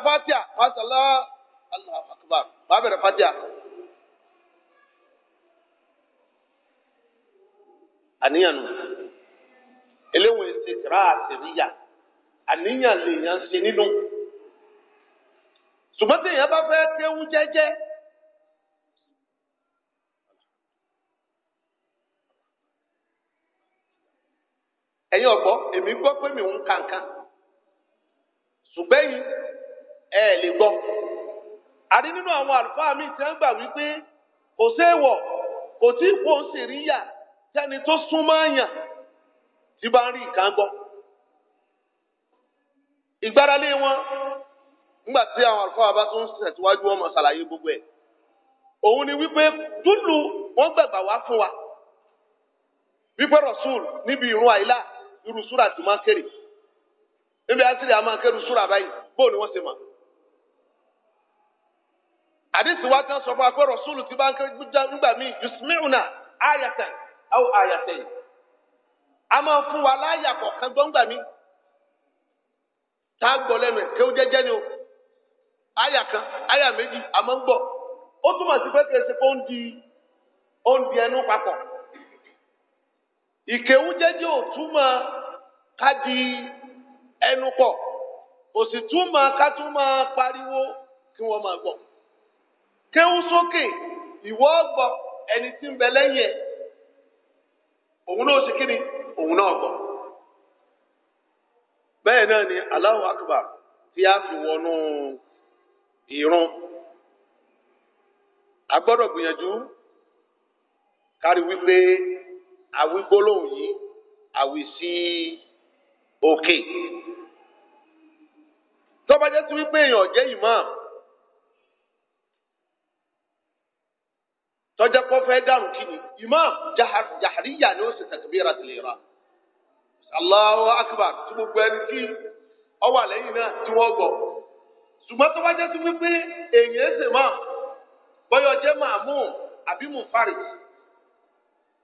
àníyàn nù eléwọ̀n èsì kìrá àtẹ̀ríyà àníyàn lè yàn ṣe nínú ṣùgbọ́n tí èèyàn bá fẹ́ kéwú jẹ́jẹ́ mi ń kankan ṣùgbọ́n yìí ẹ lè gbọ́ àrí nínú àwọn àlùfáà mi ti ń gbà wípé kò séèwọ̀ kò tí kò ń ṣèríyà tẹ́ni tó súnmọ́ àyàn tí bá ń rí ìkan gbọ́. ìgbáralé wọn nígbà tí àwọn àlùfáà bá tún tẹ̀síwájú wọn mọ̀ ṣàlàyé gbogbo ẹ̀ òun ni wípé dúlù wọn gbàgbà wá fún wa wípé rasul níbi ìrún àìlá irú súrà tí máa ń kéré níbi àṣírí àmọ́ akérú súrà báyìí bóun ni wọ́n ṣe mọ̀ àdìsí wa tán sọ fún wa pé rasul ti bá ń kéré nígbà míì yusmi'una ayatan aw ayatayn a máa fún wa láyà kọ̀ọ̀kan gbọ́ngbà mi tá a gbọ́ lẹ́nu ẹ̀ kéwú ni o aya kan aya méjì a máa ń gbọ́ ó túmọ̀ sí pé kì í ṣe kó ń di ó ń di ẹnu papọ̀ ìkéwú jẹ́jẹ́ ò túmọ̀ ká di ẹnu pọ̀ kò sì túmọ̀ ká tún máa pariwo kí wọ́n máa gbọ́ kéwú sókè ìwọ gbọ́ ẹni tí ń bẹ lẹ́yìn ẹ̀ òun náà sì kíni òun náà gbọ́ bẹ́ẹ̀ náà ni Allahu Akbar tí a fi wọnú ìrun a gbọ́dọ̀ gbìyànjú kárí wípé àwí gbólóhùn yìí àwí sí òkè tó bá jẹ́ sí wípé èèyàn jẹ́ ìmáàmù. tọ́jà pọ́ fẹ́ dàrú kí ni imam jahariya ni ó sì takbira tilera Allahu akbar tí gbogbo ẹni tí ọ wà lẹ́yìn náà tí wọ́n gbọ́ ṣùgbọ́n tó bá jẹ́ sí wípé èèyàn ẹsẹ̀ máa bọ́yọ̀ jẹ́ màmú àbí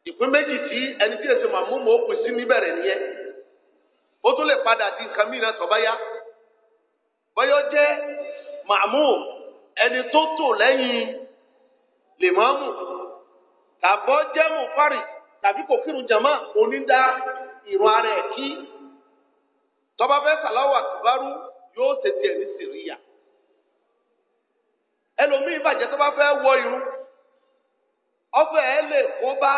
ìpín méjì tí ẹni tí ẹsẹ̀ màmú mọ̀ sí nìyẹn ó tún lè padà di nǹkan mìíràn ẹni tó tò lèmọ́mù tàbọ́ jẹ́mù fárì tàbí kò kírun jàmá onídá ìrun ara ẹ̀ kí tọ́ba fẹ́ sàláwà àtìbárú yóò tètè ẹ̀ ní sìríyà ẹlòmíì bàjẹ́ tọ́ba fẹ́ wọ irun ọfẹ́ ẹ lè kó bá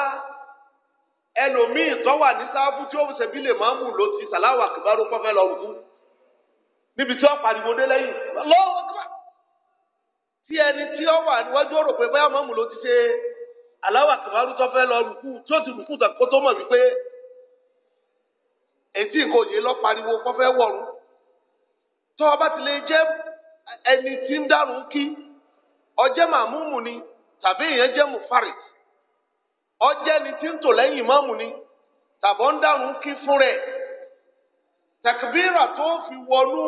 ẹlòmíì tó wà ní sáfù tí ó ṣe bí lèmọ́mù ló ti sàláwà àtìbárú kọ́fẹ́ lọ rùkú níbi tí wọ́n pariwo dé lẹ́yìn lọ́wọ́. tí ẹni tí ó wà níwájú ọ̀rọ̀ pé mọ́mù ló ti ṣe aláwà kìbárú tó fẹ́ lọ rùkú tó ti rùkú tàn kó tó mọ̀ wípé ètí ìkòyè lọ pariwo kó fẹ́ wọ̀rùn tó ọba ti lè jẹ́ ẹni tí ń kí ọjẹ́ màmúmù ni tàbí ìyẹn jẹ́ ọjẹ́ ni tí ń tò lẹ́yìn mọ́mù ni tàbọ̀ ń kí fún rẹ̀ tó fi wọnú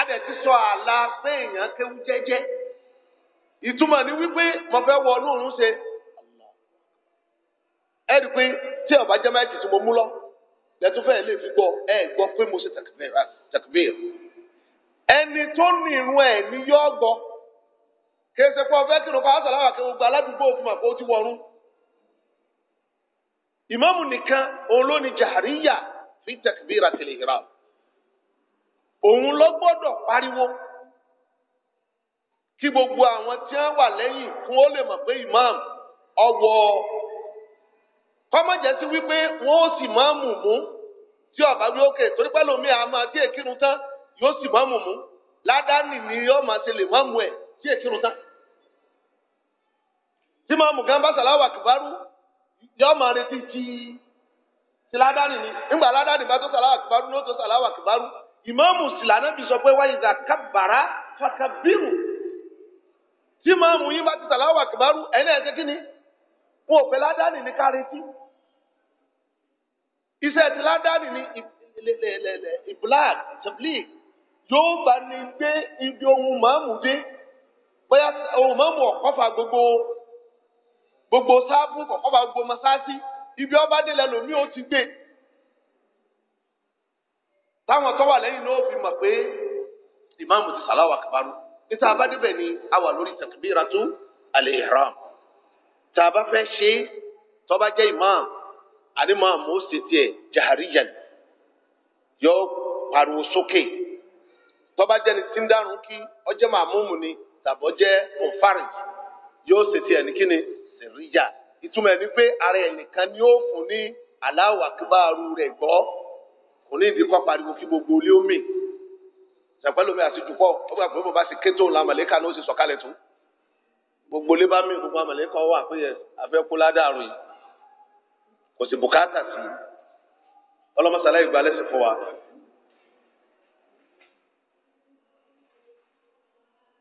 abẹ ti sọ àlà pé èèyàn kéwú jẹ́jẹ́ ìtumọ̀ ni wípé mo wọ inú òun ṣe ẹ tí ọba jẹ́ máìkì tí mú lọ lẹ́tún fẹ́ẹ́ lè fi gbọ́ ẹ gbọ́ pé mo ṣe ah, ẹni tó ní irun ní gbọ́ kèsè kí ló aládùúgbò òfin ti nìkan òun ló gbọ́dọ̀ pariwo kí gbogbo àwọn tí wọ́n wà lẹ́yìn fún ó lè mọ̀ pé imam ọwọ́ kọ́mọ̀jẹ́ ti wípé wọ́n ó sì máa mú mú tí ọ̀bá wí ókè torí pẹ́ lómi àmọ́ tí tán yóò sì máa mú mú ládàáni ni yóò máa ṣe lè máa mú tí èkírun tán. tí máa mú sàláwà kìbárú yóò ìmáàmù sìlànàbì sọ pé wáyé ìdá kábàárà fàkàbírù tí ìmáàmù yín bá ti tàláwà kìbárù ẹni ẹ̀ṣẹ́ kí ni wọn ò pẹ́ ládàáni ní kárẹ́tì iṣẹ́ ti ládàáni ní ìbláàk tẹ̀blík yóò bá ní gbé ibi ohun màmù dé bóyá ohun màmù ọ̀kọ́fà gbogbo gbogbo sáàbù ọ̀kọ́fà gbogbo masáàsì ibi ọba délẹ̀ lòmí ó ti gbé. táwọn tó wà lẹ́yìn náà fi mọ̀ pé ìmáàmù ti sàláwà kàbárù níta ni a wà lórí takbiratu al-ihram tá a bá fẹ́ ṣe tó bá jẹ́ ìmáàmù àdìmáàmù ó ṣe tiẹ̀ yọ pariwo sókè tó bá ni tí kí ọjẹ́ màmúmù ni yóò ṣe tiẹ̀ ní kíni ìtumọ̀ ẹ̀ ni ara ẹ̀ nìkan ni ó fún ní òní ìdí kọ́ pariwo kí gbogbo ilé omi ṣàpẹ́lómi àti jùpọ̀ ó gbà pé mo bá ti ké tóun la màlẹ́kà ní ó sì sọ̀kalẹ̀ tún gbogbo ilé bá mi gbogbo àmàlẹ́kà wà pé àfẹ́kú ládàrú yìí kò sì bùkátà sí ọlọ́mọsàlá ìgbà lẹ́sìn fún wa.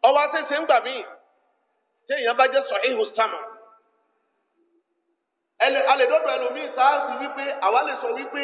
ọwọ́ àtẹ̀sẹ̀ ń gbà mí tí èèyàn bá jẹ́ sọ̀híhù sàmà alẹ́ dọ́dọ̀ ẹlòmíì sáà sí wípé àwa lè sọ wípé.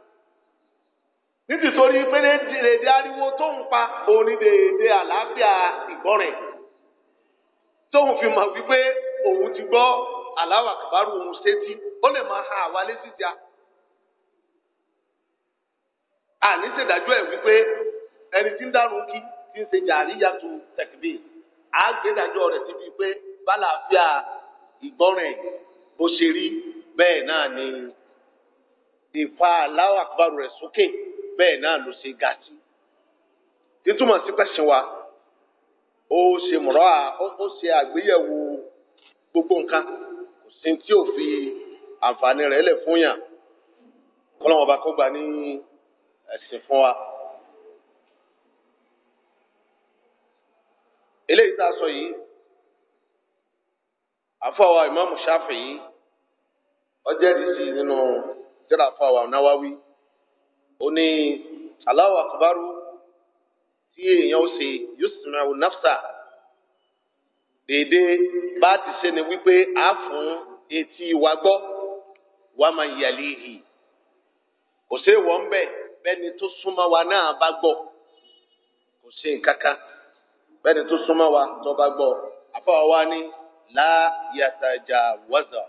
nítorí pé dèédé ariwo tó ń pa òun ni dèédé àlàáfíà ìgbọ́rẹ̀ tóun fi mọ̀ wípé òun ti gbọ́ aláwà kàbárù òun sétí ó lè máa ha àwa létí ja àní ṣèdájọ́ ẹ̀ wípé ẹni tí ń dárun kí tí ń ṣe jàrí yàtọ̀ tẹ̀kídì àgbédájọ́ rẹ̀ síbi pé bálàáfíà ìgbọ́rẹ̀ bó ṣe rí bẹ́ẹ̀ náà ni ìfà aláwà kàbárù rẹ̀ sókè. Okay bẹ́ẹ̀ náà ló ṣe ga sí. títúmọ̀ sí pẹ̀sìn wa ó ṣe mọ̀rọ́ à ó ṣe àgbéyẹ̀wò gbogbo nǹkan kò sí tí ò fi àǹfààní rẹ̀ lẹ̀ fún yàn kọ́lọ́mọ̀ bá kó gbà ní ẹ̀sìn fún wa. eléyìí tá a sọ yìí àfọwà ìmáàmù Ṣáfi'í ọjọ́ ìdí sí nínú jẹ́rà àfọwà náwáwí. ó ní Allahu akbaru tí èèyàn ó ṣe yusmau nafsa déédéé bá ti ṣe ni wípé a fún etí wa gbọ́ wa máa yàlẹ́ yìí kò sí ìwọ ń bẹ bẹni tó súnmọ́ wa náà bá gbọ́ kò sí nǹkankan bẹni tó súnmọ́ wa tó bá gbọ́ àfọwọ́ wa ní láyàtàjà wọ́zà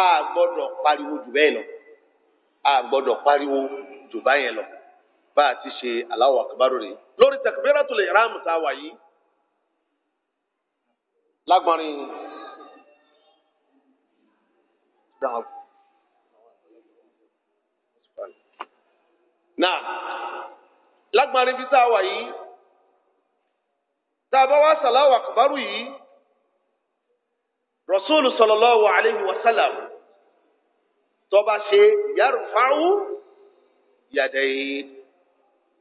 a gbọ́dọ̀ pariwo jù bẹ́ẹ̀ lọ a gbọ́dọ̀ pariwo jù báyẹn lọ bá a ti ṣe Allahu akbar rèé lórí takbiratul ihram tá a wà yìí lágbọ́nrin náà lágbọ́nrin bí tá a wà yìí tá a bá wá sàláwà kàbárù yìí rasúlù sallallahu alayhi wa sallam tó bá ṣe yarfa'u yàdẹ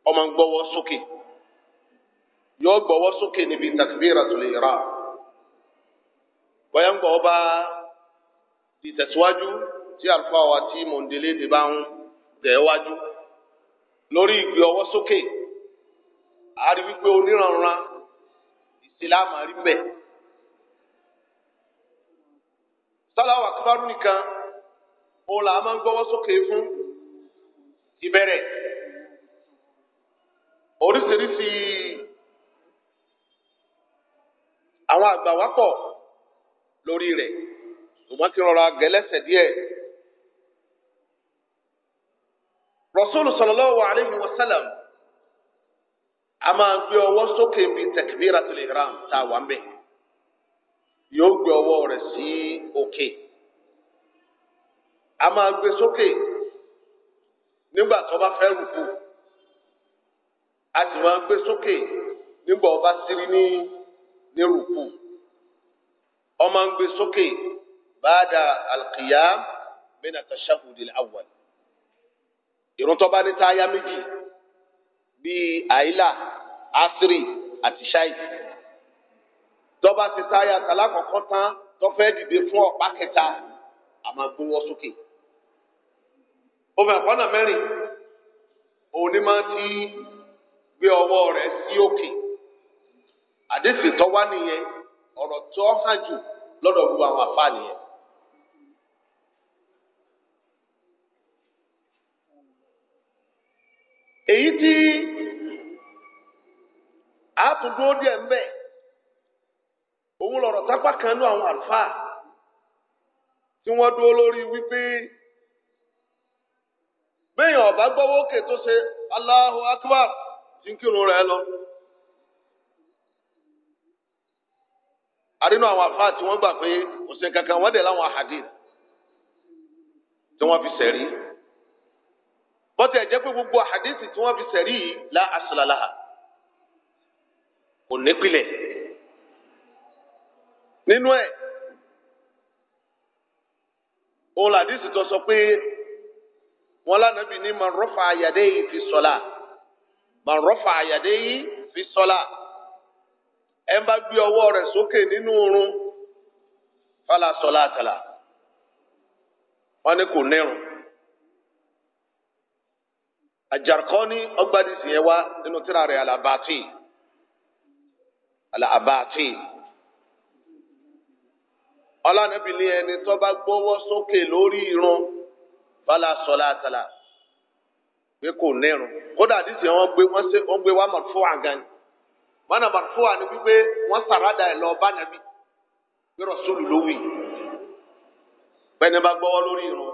ọmọ gbọ́wọ́ sókè yóò gbọ́wọ́ sókè níbi takbiratul ihram bóyá ń gbọ́wọ́ bá ìtẹ̀síwájú tí àlùfáà wa tí mòǹdélé ti bá ń tẹ̀ wájú lórí ìgbé ọwọ́ sókè a rí wípé oníranran ìsìlámù rí bẹ́ẹ̀. sálàwà kíbárù nìkan òun là á máa ń gbọ́wọ́ sókè fún. ìbẹ̀rẹ̀ oríṣiríṣi àwọn àgbàwápọ̀ lórí rẹ̀ ṣùgbọ́n ti rọra gẹ̀lẹ́sẹ̀ díẹ̀. Rasulu sallallahu alayhi wa a máa gbé ọwọ́ sókè bíi takbiratul ihram tá a wà ń bẹ̀. Yóò gbé ọwọ́ rẹ̀ sí òkè. A máa gbé sókè. nígbà tó bá fẹ́ rùkù a sì máa gbé sókè nígbà ọba sírí ní ní rùkù ó máa ń gbé sókè báadà alqiyam min at-tashahhud al-awwal ìrun tó bá ní táyà méjì bíi àìlà asiri àti ṣáì tó ti táyà tàlákọ̀ọ́kọ́ tán tó fẹ́ dìde fún ọ̀pá kẹta a ọmọ àpọ́nà mẹ́rin òun ni máa ti gbé ọwọ́ rẹ̀ sí òkè àdéhùn tó wá nìyẹn ọ̀rọ̀ tó hàn jù lọ́dọ̀ gbogbo àwọn afá nìyẹn. èyí tí àtúndúró díẹ̀ ń bẹ̀ òun lọ̀rọ̀ tápá kan nú àwọn àlùfáà tí wọ́n dúró lórí wípé. bẹ́ẹ̀yàn ọba gbọ́wọ́ oke to se Allahu Akbar tí ń kírun rẹ̀ lọ. àrínú àwọn afá tí kankan wọ́n dẹ̀ lawon àhàdì ti won fi sẹ̀rí. bọ́tà ẹ̀jẹ̀ gbogbo àhàdì tí wọ́n fi sẹ̀rí la asalala. kò nípìlẹ̀. nínú ẹ̀ òun sọ pé. wọn lánàbì ní ma rọ́fà àyàdé yìí fi sọ́lá ma rọ́fà àyàdé yìí fi sọ́lá ẹ bá gbé ọwọ rẹ sókè nínú oorun fàlà sọ́lá àtàlà wọn ni kò nírun àjàrkọ́ni ọgbàdìsí yẹn wá nínú tíra rẹ̀ alábàtì alábàtì ọlànàbì ní ẹni tó bá gbọ́wọ́ sókè lórí irun. fala salata la pé kò nírun kódà àdìsí wọn gbé wọn ṣe wọn gbé wá marfu'an gan wọn náà marfu'an ni wípé wọn sàrádà ẹ lọ bá nàbí pé Rasulu ló wí bẹ́ẹ̀ni bá gbọ́wọ́ lórí irun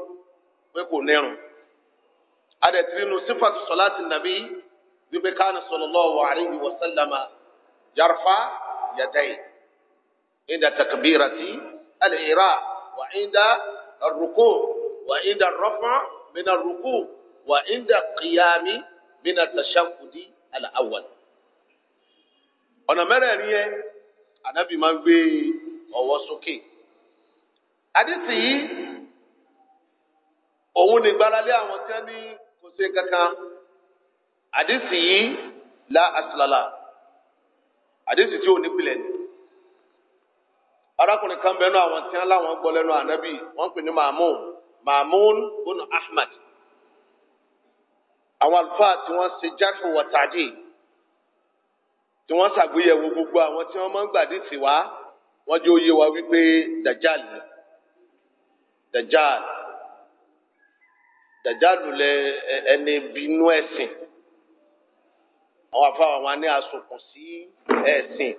pé kò nírun adẹ̀tìrinu sífàtú sọláàtì nàbí wípé káàní sallallahu alayhi wa sallama yarfa yadayhi inda takbirati al-ira wa inda ar-ruku wà ìdá rọ́fà mìnà rúkú wà ìdá kìyàmí mìnà tàṣàkùdí àlàáwàlì. ọ̀nà mẹ́rẹ̀ẹ̀rin yẹn ànábì máa ń gbé ọwọ́ sókè. àdìsí yìí òun ní gbáralé àwọn tí wọ́n ní kò sí kankan. àdìsí yìí la asilala àdìsí tí ò ní pilẹ̀ ni arákùnrin kan bẹnu àwọn tí wọn láwọn gbọ́ lẹ́nu ànábì wọn pè ní màmú Mamun bin Ahmad àwọn àlùfáà tí wọ́n ṣe jáfù wọ̀tàdì tí wọ́n ṣàgbéyẹ̀wò gbogbo àwọn tí wọ́n máa ń gbàdí sí wa wọ́n jẹ́ òye wa wípé dàjáàlì dàjáàlì dàjáàlì lẹ ẹni bínú ẹ̀sìn àwọn àfáà wọn ní asokùn sí ẹ̀sìn.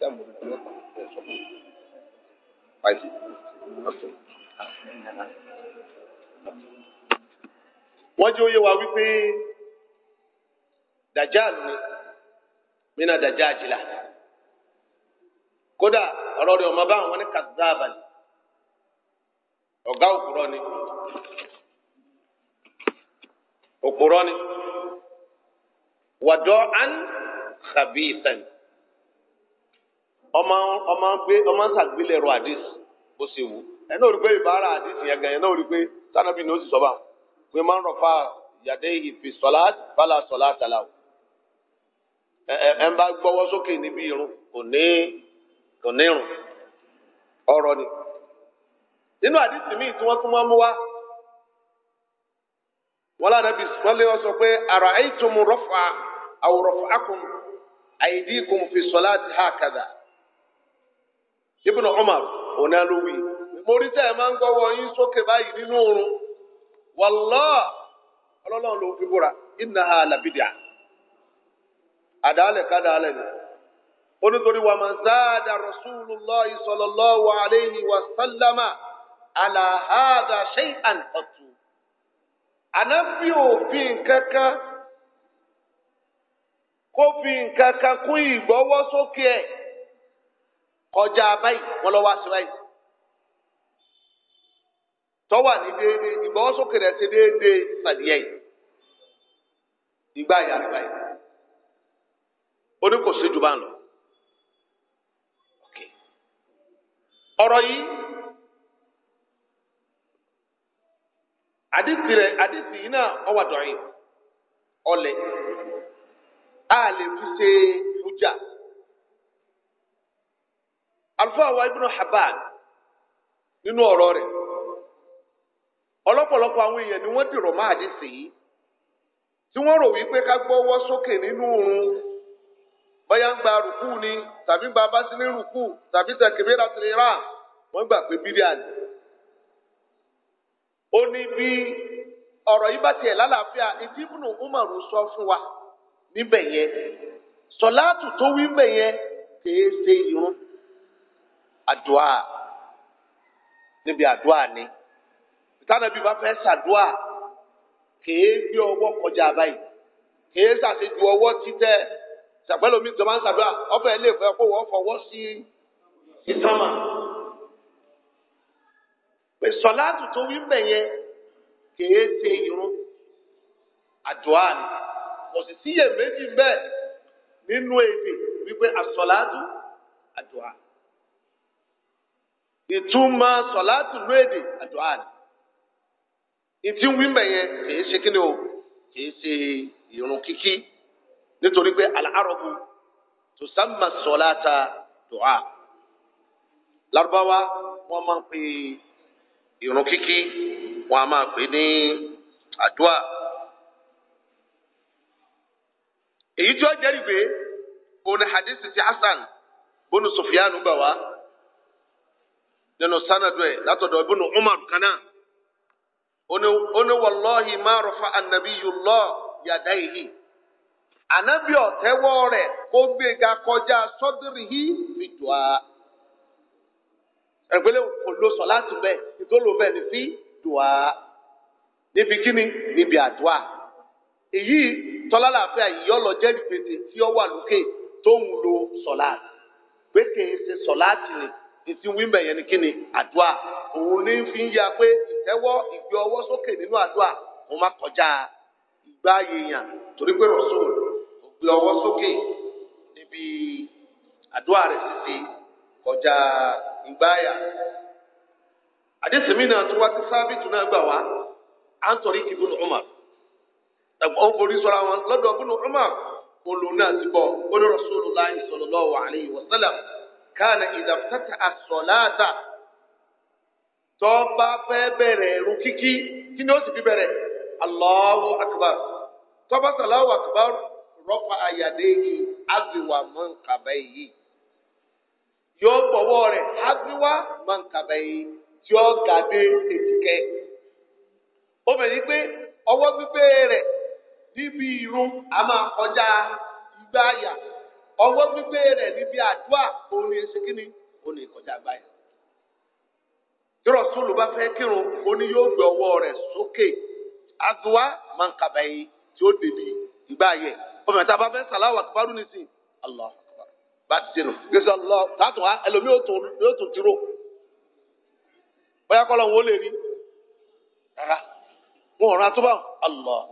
tí àwọn olùkọ́ yóò kàn fẹ́ sọ fún mi. Báyìí.
Wọ́n jẹ́ oyé wa wípé dajal ni mina dajajila kódà ọ̀rọ̀ rẹ̀ ọmọ bá wọn ní kàdáàbà ni ọ̀gá òpùrọ̀ ni òpùrọ̀ ni wàdọ́ an khabithan. ọmọ maa gbé ọmọ sàgbélẹ̀rọ àdìs bó ṣe wù ẹ náà rí pé ìbára àdìs yẹn gan yẹn náà rí pé sanabi ni ó sì sọ bá pé máa ń rọ̀ fáà ìfi sọlá bala sọlá o ẹ ń irun kò ní kò ọ̀rọ̀ ni nínú míì tí tún mú wá lára bí ọ sọ pé fi sọlá kàdà. ibùnà Umar òní alówì mo rí tẹ́ ẹ máa ń gbọ́wọ́ yín sókè báyìí nínú oorun wàlọ́ ọlọ́lọ́run ló fi búra innaha làbídìá àdáálẹ̀ kádàálẹ̀ ni ó nítorí wa man zada rasulullahi sallallahu alayhi wa sallama ala hada shay'an qattu ànábì òfin kankan kó fi nǹkan kan kún ìgbọ́wọ́ kọjá báyìí wọn lọ wá sí báyìí tọ́wà ní déédéé ìgbọ́wọ́sókè rẹ̀ ṣe déédéé sàdíyẹ yìí ìgbà ìyá rẹ̀ báyìí ó bá ń lọ. yìí àdìsí àdìsí yìí náà fi ṣe fújà. àlùfáà wa Ibn Habban n'inu ọ̀rọ̀ rẹ̀ ọlọ́pọ̀lọpọ̀ àwọn èèyàn ni wọ́n dìrọ̀ máa dì si i tí wọ́n rò wípé ká gbọ́wọ́ sókè nínú oorun bóyá ń gba rùkú ni tàbí gba abásí ní rùkú tàbí tẹkẹbẹrẹ àtìlẹrà wọ́n gbà pé bídíà ni. ó ní bí ọ̀rọ̀ yìí bá tiẹ̀ lálàáfíà ìdí Ibnu Umaru sọ fún wa níbẹ̀ yẹn sọ̀láàtù tó wí bẹ̀ yẹn kèé ṣe ìrun. àdúà níbi àdúà ni ìtànàbí bá fẹ́ ṣàdúà kèé gbé ọwọ́ kọjá báyìí kèé ṣàṣejù ọwọ́ títẹ̀ ṣàpẹ́lómi tó máa ń ṣàdúà ọ̀fẹ́ ilé ìfẹ́ kó wọ́n fọwọ́ sí ìtàmà pé sọláàtù tó wí mbẹ yẹn kèé ṣe irun àdúà ni kò sì síyè méjì mbẹ nínú èdè wípé àsọláàtù àdúà ìtumọ̀ sọ̀láàtù lóèdè àdúrà ni ìtí ń wí mẹ̀yẹn kìí ṣe kíni o kìí ṣe ìrun kíkí nítorí pé al-arabu tusamma sọ̀láàtà dùà lárúbáwá wọ́n máa ń pè ìrun kíkí wọ́n á máa pè ní àdúrà. èyí tí wọ́n jẹ́rìí pé òun ni hadith ti hasan bónú sufyan gbà wá nínú sanadu ẹ̀ látọ̀dọ̀ ibùnú umar kanáà ó ní wàlọ́hì má rọ̀fà ànàbíyullah yadayhi ànábì ọ̀tẹ́wọ́ rẹ̀ kó gbéga kọjá sọ́dúnrìhì fìdùá ẹgbẹ́lẹ́ kò lo sọ láti bẹ́ẹ̀ ìtòló bẹ́ẹ̀ ní fi dùá níbi kíni níbi àdúà èyí tọ́lá yìí ọlọ́jẹ́ ìpèsè tí ó wà lókè tó ń lo sọ̀láàtì pé ṣe sọ̀láàtì nìkan. ìtiwí mbẹ ni kí ni àdúà òun ní fi ń ya pé ìtẹ́wọ́ ìgbé ọwọ́ sókè nínú àdúà mo kọjá ìgbà yèèyàn torí pé Rasul gbé ọwọ́ sókè níbi àdúà rẹ̀ títí kọjá ìgbà yà. náà wá sí sábìtì náà gbà wá à ń tọrí wọn lọ́dọ̀ olùnà kana na ftata as-salata tó febere rukiki bẹ̀rẹ̀ ìrun kíkí Allahu akbar tó bá akbar rọ́pà àyàdéyìí abiwa mọ́nkàbẹ́yìí yóò bọ̀wọ́ rẹ̀ abiwa mọ́nkàbẹ́yìí tí ó ga dé a ọwọ́ gbígbé rẹ̀ níbi àdúrà orin ẹsẹ̀ kínní ó ní ìkọjá báyìí. tí Rọ̀súlù bá fẹ́ kírun ó yóò gbé ọwọ́ rẹ̀ sókè àdúà máa ń kàbà yìí tí ó débi ìgbà yẹ ọmọ ìta bá fẹ́ sàláwà àkùbárù nìsín Allah bá ti dènà gbèsè ẹlòmíì yóò tún dúró bóyá lè rí rárá rán Allah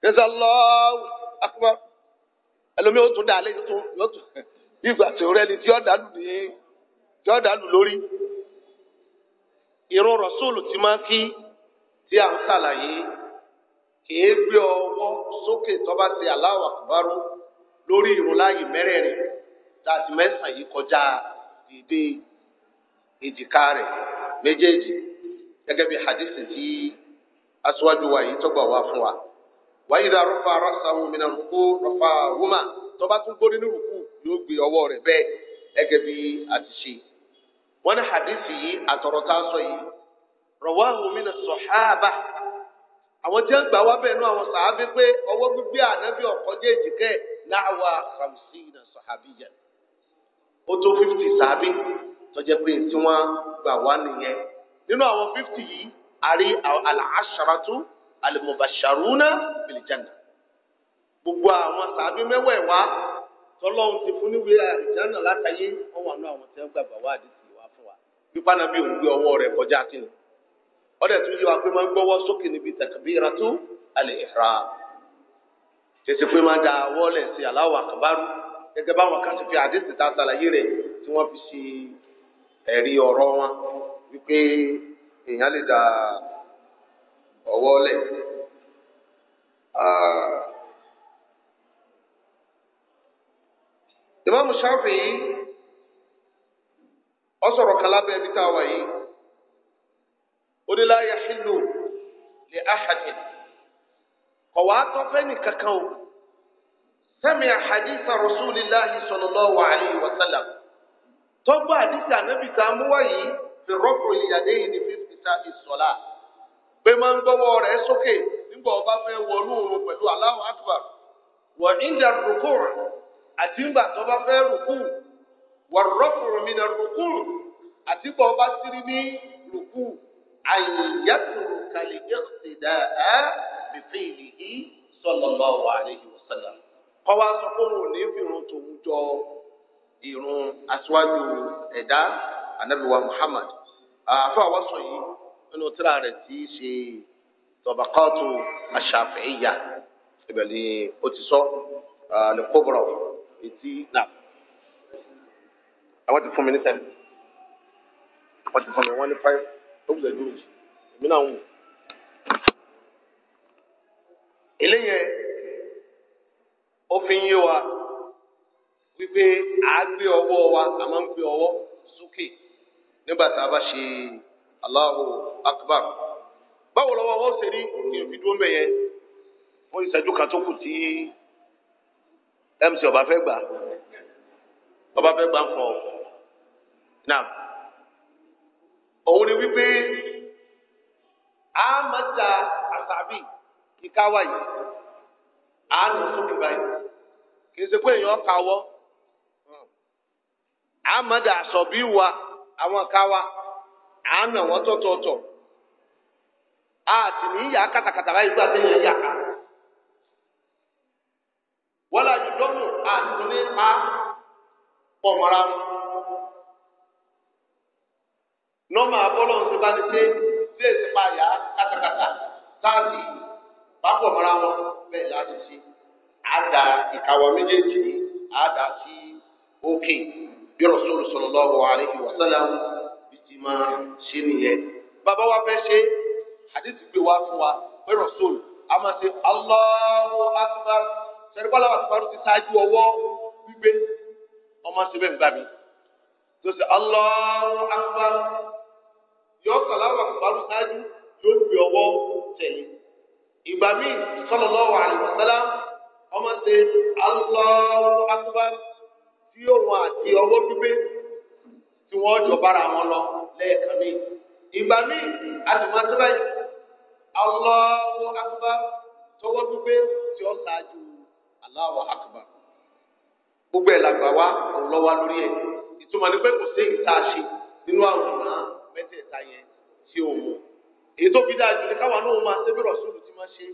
gbèsè ẹlòmíì ó tún dá alẹ́ tó yóò tún ìgbà tí ó rẹ́ni tí ó dàlù ní tí ó dàlù lórí ìrun rọ̀súùlù ti máa ń kí tí à ń ṣàlàyé kìí gbé ọwọ́ sókè tọ́ba ti Allahu Akbar lórí ìrun láàyè mẹ́rẹ̀ẹ̀rin láti mẹ́sàn yìí kọjá dìde èjìká rẹ̀ méjèèjì gẹ́gẹ́ bí hadith tí aṣáájú wa yìí tọ́gbà wá fún wa. wàá yíra rọ́fà mìíràn rúkú rọ́fà wúmà tọba tún gbórí ní rúkú yóò gbé ọwọ́ rẹ̀ bẹ́ẹ̀ bí a ti ní hadith yìí sọ yìí rọ̀wáhù mìíràn sọ̀háàbà àwọn tí gbà wá bẹ́ẹ̀ nú àwọn sàábí pé ọwọ́ gbígbé ànábì ọ̀kọ́jẹ́ èjìkẹ́ náwa khamsina sọ̀hábìyà ó tó fífìtì sàábí tọ́jẹ́ pé tí wọ́n gbà wá nìyẹn nínú àwọn fífìtì yìí àrí alimobasharuna bilijanna gbogbo àwọn sàbí mẹ́wẹ̀ẹ̀wá tọ́lọ́hún ti fún níwèé àlìjánà látàyé wọ́n wà ní àwọn tí wọ́n gbàgbà wá àdìsí wá fún wa pípa náà bí òun gbé ọwọ́ rẹ̀ kọjá kínní ọ̀dẹ̀ tún yọ apẹ́ máa ń gbọ́wọ́ sókè níbi takbiratu al-ihram tètè pé máa da wọ́ọ̀lẹ̀ sí Allahu akbaru gẹ́gẹ́ báwọn kan ti fi àdìsí ta ṣàlàyé rẹ̀ tí wọ́n fi ṣe ẹ̀rí ọ̀rọ̀ wọn wípé èèyàn lè dà ọwọ́ lẹ̀ ìmáàmù Ṣáfì yìí ọ sọ̀rọ̀ kalábẹ́ ibi tá a wà yìí ó ní la yahillu li ahadin kọ̀wá tó fẹ́ ní kankan o sẹ́mi àhàdíta rasulillahi sallallahu alayhi wa sallam tọ́gbà àdìsí ànábìtà mú wáyé fi rọ́pò ìyàdé yìí ní fífi ta ìsọ̀lá pé máa ń gbọ́wọ́ rẹ̀ sókè nígbà ọba fẹ́ wọnú òun pẹ̀lú Allahu Akbar wọ̀ ìdá rúkú àti ńgbà tó bá fẹ́ rúkú wọ̀ rọ́pùrù mi náà rúkú àti ńgbà ọba sírí ní rúkú àyẹ̀yẹ́tùrù kàlí ìṣẹ̀dá ẹ̀ fífi ìlìhí sallallahu alayhi wa sallam. kọ́wá sọ fún òun ní ìrun tòun jọ ìrun aṣáájú ẹ̀dá anábìwá Muhammad àfọwọ́sọ yìí nínú tíra rẹ̀ tí í ṣe tọ̀bàkọ́tù àṣàfẹ́yà ibẹ̀ ni ó ti sọ lẹ́kọ́bọ̀rọ̀ etí náà. àwọn ti fún mi ní sẹ́yìn wọ́n ti fún mi wọ́n ní fáyọ́ ó gbọ́dọ̀ dúró jù èmi náà ń wò. eléyẹ ó fi ń yé wa wípé àá gbé ọwọ́ wa àmọ́ ń gbé ọwọ́ sókè nígbà tá a bá ṣe. Allahu akbar báwo lọ́wọ́ wọ́n ṣe rí ní òfin dúró mẹ́yẹ fún ìṣẹ́jú kan tó kù tí MC ọba fẹ́ gbà ọba fẹ́ gbà fún ọ náà òun ni wípé àmọ́ta àtàbí kíká wáyé àánú sókè báyìí kì í ṣe pé èèyàn kàwọ́ àmọ́ta àṣọ̀bí wa àwọn kàwá. àánà e wọn ọtọ a ti ní yà kàtàkàtà báyìí gbà tẹ́yìn yà ká wọ́n lọ ju dọ́mù àtúnlé pa pọ̀ mọ́ra wọn. nọ́mà bọ́lọ̀ ń bá ní ṣe ilé ìsìnká kàtàkàtà táàbì bá pọ̀ wọn méjèèjì òkè bí ti máa ṣe nìyẹn bàbá wa fẹ́ ṣe àdìsí gbé wa fún wa pé rasul a máa ṣe Allahu akbar sẹ́dúpàlà akbar ti ṣáájú ọwọ́ gbígbé ọmọ ṣe bẹ́ẹ̀ gbà mí tó ṣe Allahu akbar yọ kàláwà akbar ṣáájú yóò gbé ọwọ́ tẹ̀lé ìgbà míì sallallahu alaihi wasallam ọmọ ṣe Allahu akbar tí yóò wọn àti ọwọ́ gbígbé tí wọ́n jọ bára wọn lọ lẹ́ẹ̀kan mi ìgbà mi àtùmọ̀tìmọ̀ yìí Allahu akbar tọwọ́ dúpẹ́ tí ó ṣáájú Allahu akbar gbogbo ẹ̀ làgbà wá ọ̀lọ́wà lórí ẹ̀ ìtumọ̀ ní pé kò sí èyí tá a ṣe nínú àwòrán mẹ́tẹ̀ẹ̀ta yẹn tí ó mú èyí tó fi dáa jù ní káwọn náà máa ṣe bí rọ̀ṣúlù ti máa ṣe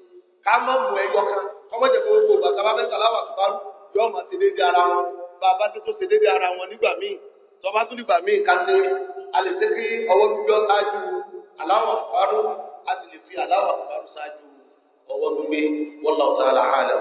ká má mú ẹyọ kan kọ́mọ́jẹ̀ fún gbogbo ìgbà bá fẹ́ sàláwà àtúbárù yóò máa ṣe déédéé ara wọn bá tó ṣe déédéé ara wọn nígbà míì tó bá tún nígbà míì ká ṣe a lè ṣe kí ọwọ́ gbígbọ́ ṣáájú aláwọ̀ àbárò lè fi aláwọ̀ àbárò ṣáájú ọwọ́ gbígbé wallahu ta'ala ala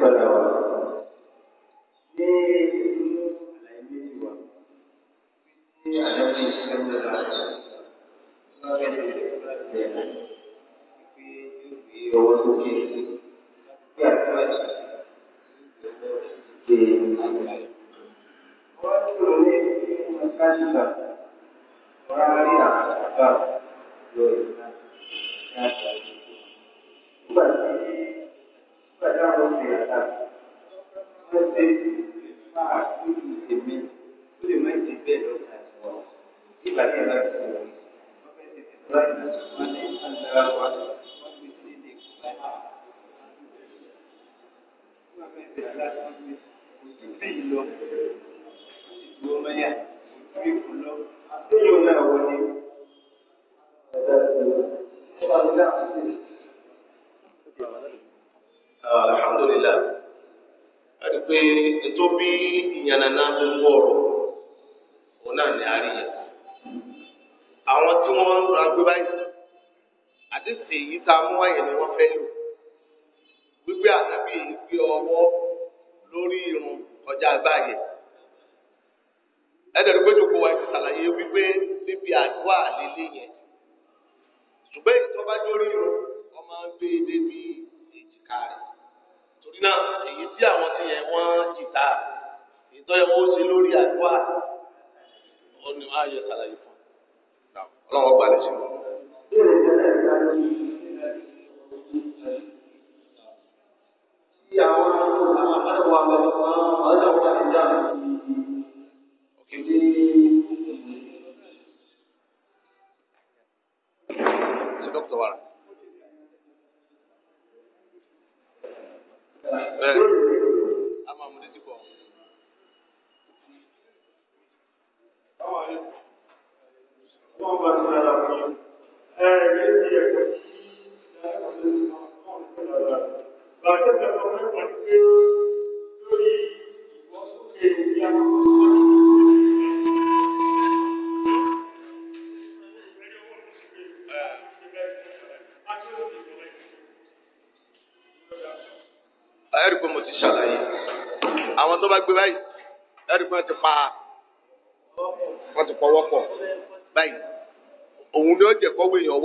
para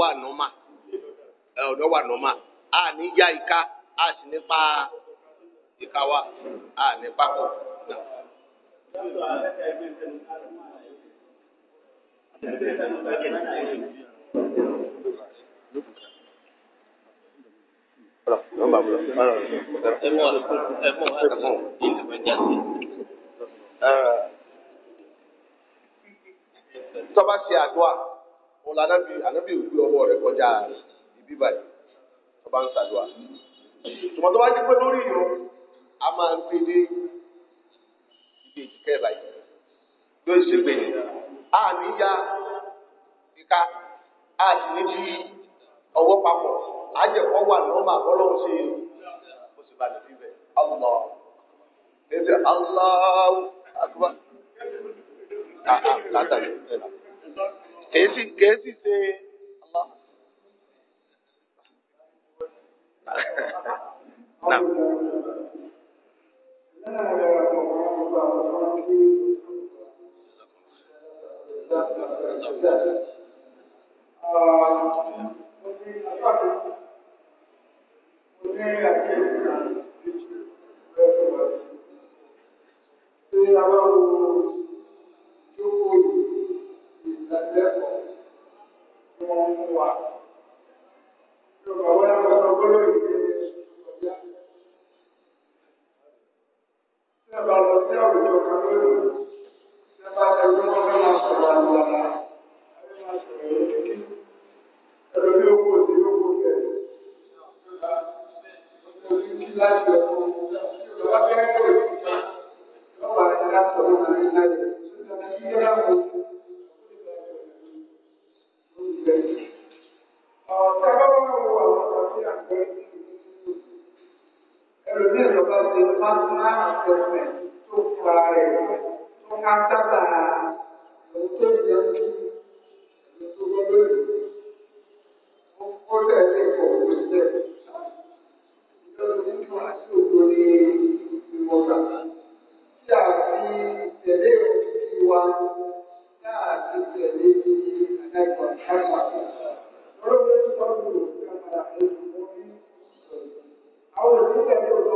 wà nọ́mà ọ̀dọ́ wà nọ́mà a ní ya ìka a sì ní pa ìka wa a ní papọ̀ náà. Tọ́ba ṣe àdúrà. wọn la anabi anabi ògbé ọwọ́ rẹ̀ kọjá ibi báyìí tó ń ṣàdúrà tòmọtò bá jí pé lórí a máa ń gbé dé ibi èjìká báyìí yóò ṣe a ní ya ìka a sì ní di ọwọ́ papọ̀ a jẹ kọ́ wà lọ́mà bọ́lọ́hún ṣe o sì bá lè fi bẹ̀ ọlọ́ ẹ kèésì kèésì ṣe.
Thank you ìdánilẹ́kọ̀ọ́ tí wọ́n mú wa. Ìjọba wọn náà sọ gbólóyè ní ọjà. Tí a bá lọ sí àwùjọ kan lónìí, tí a bá sọ pé wọ́n fẹ́ máa sọ̀rọ̀ àwọn ọ̀la, a
fẹ́ about the personal appointment
tó fa rẹ̀ tó ká sábà òun tó jẹ́ kí ẹni tó lọ lórí ó tẹ̀lé pọ̀ òun jẹ́ ìtọ́jú nínú àti òdo ní ìwọ̀gbà tí a fi tẹ̀lé òkìkí wa tí a fi tẹ̀lé ní ẹ̀kọ́ ẹ̀kọ́ lọ́rọ́ lórí sọ́ọ̀bù ìjọba ẹ̀kọ́ ní ìṣòro àwọn òṣìṣẹ́ tó lọ.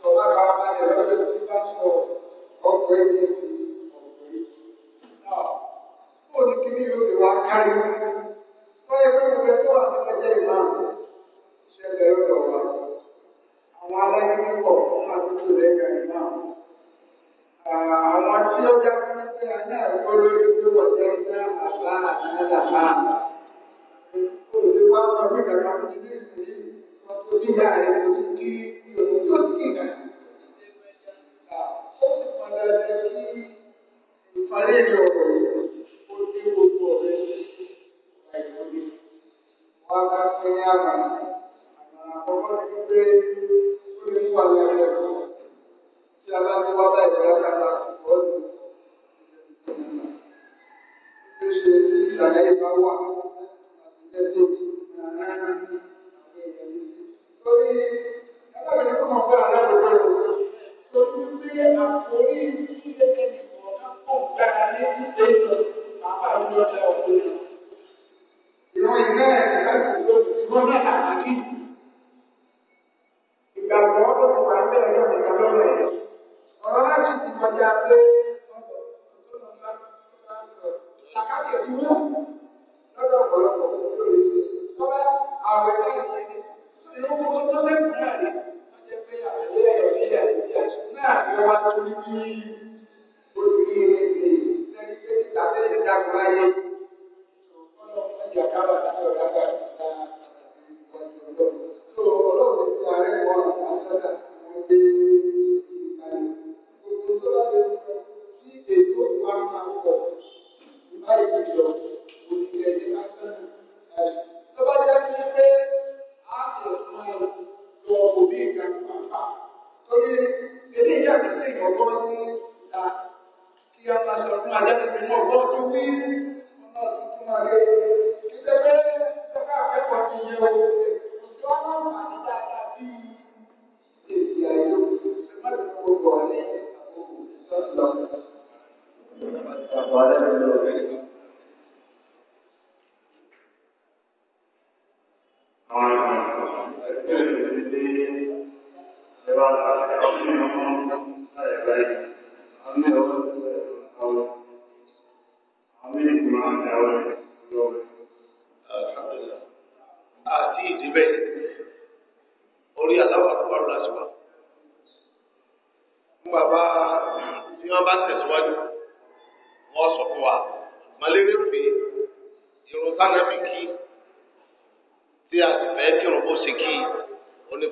その中で、それを一番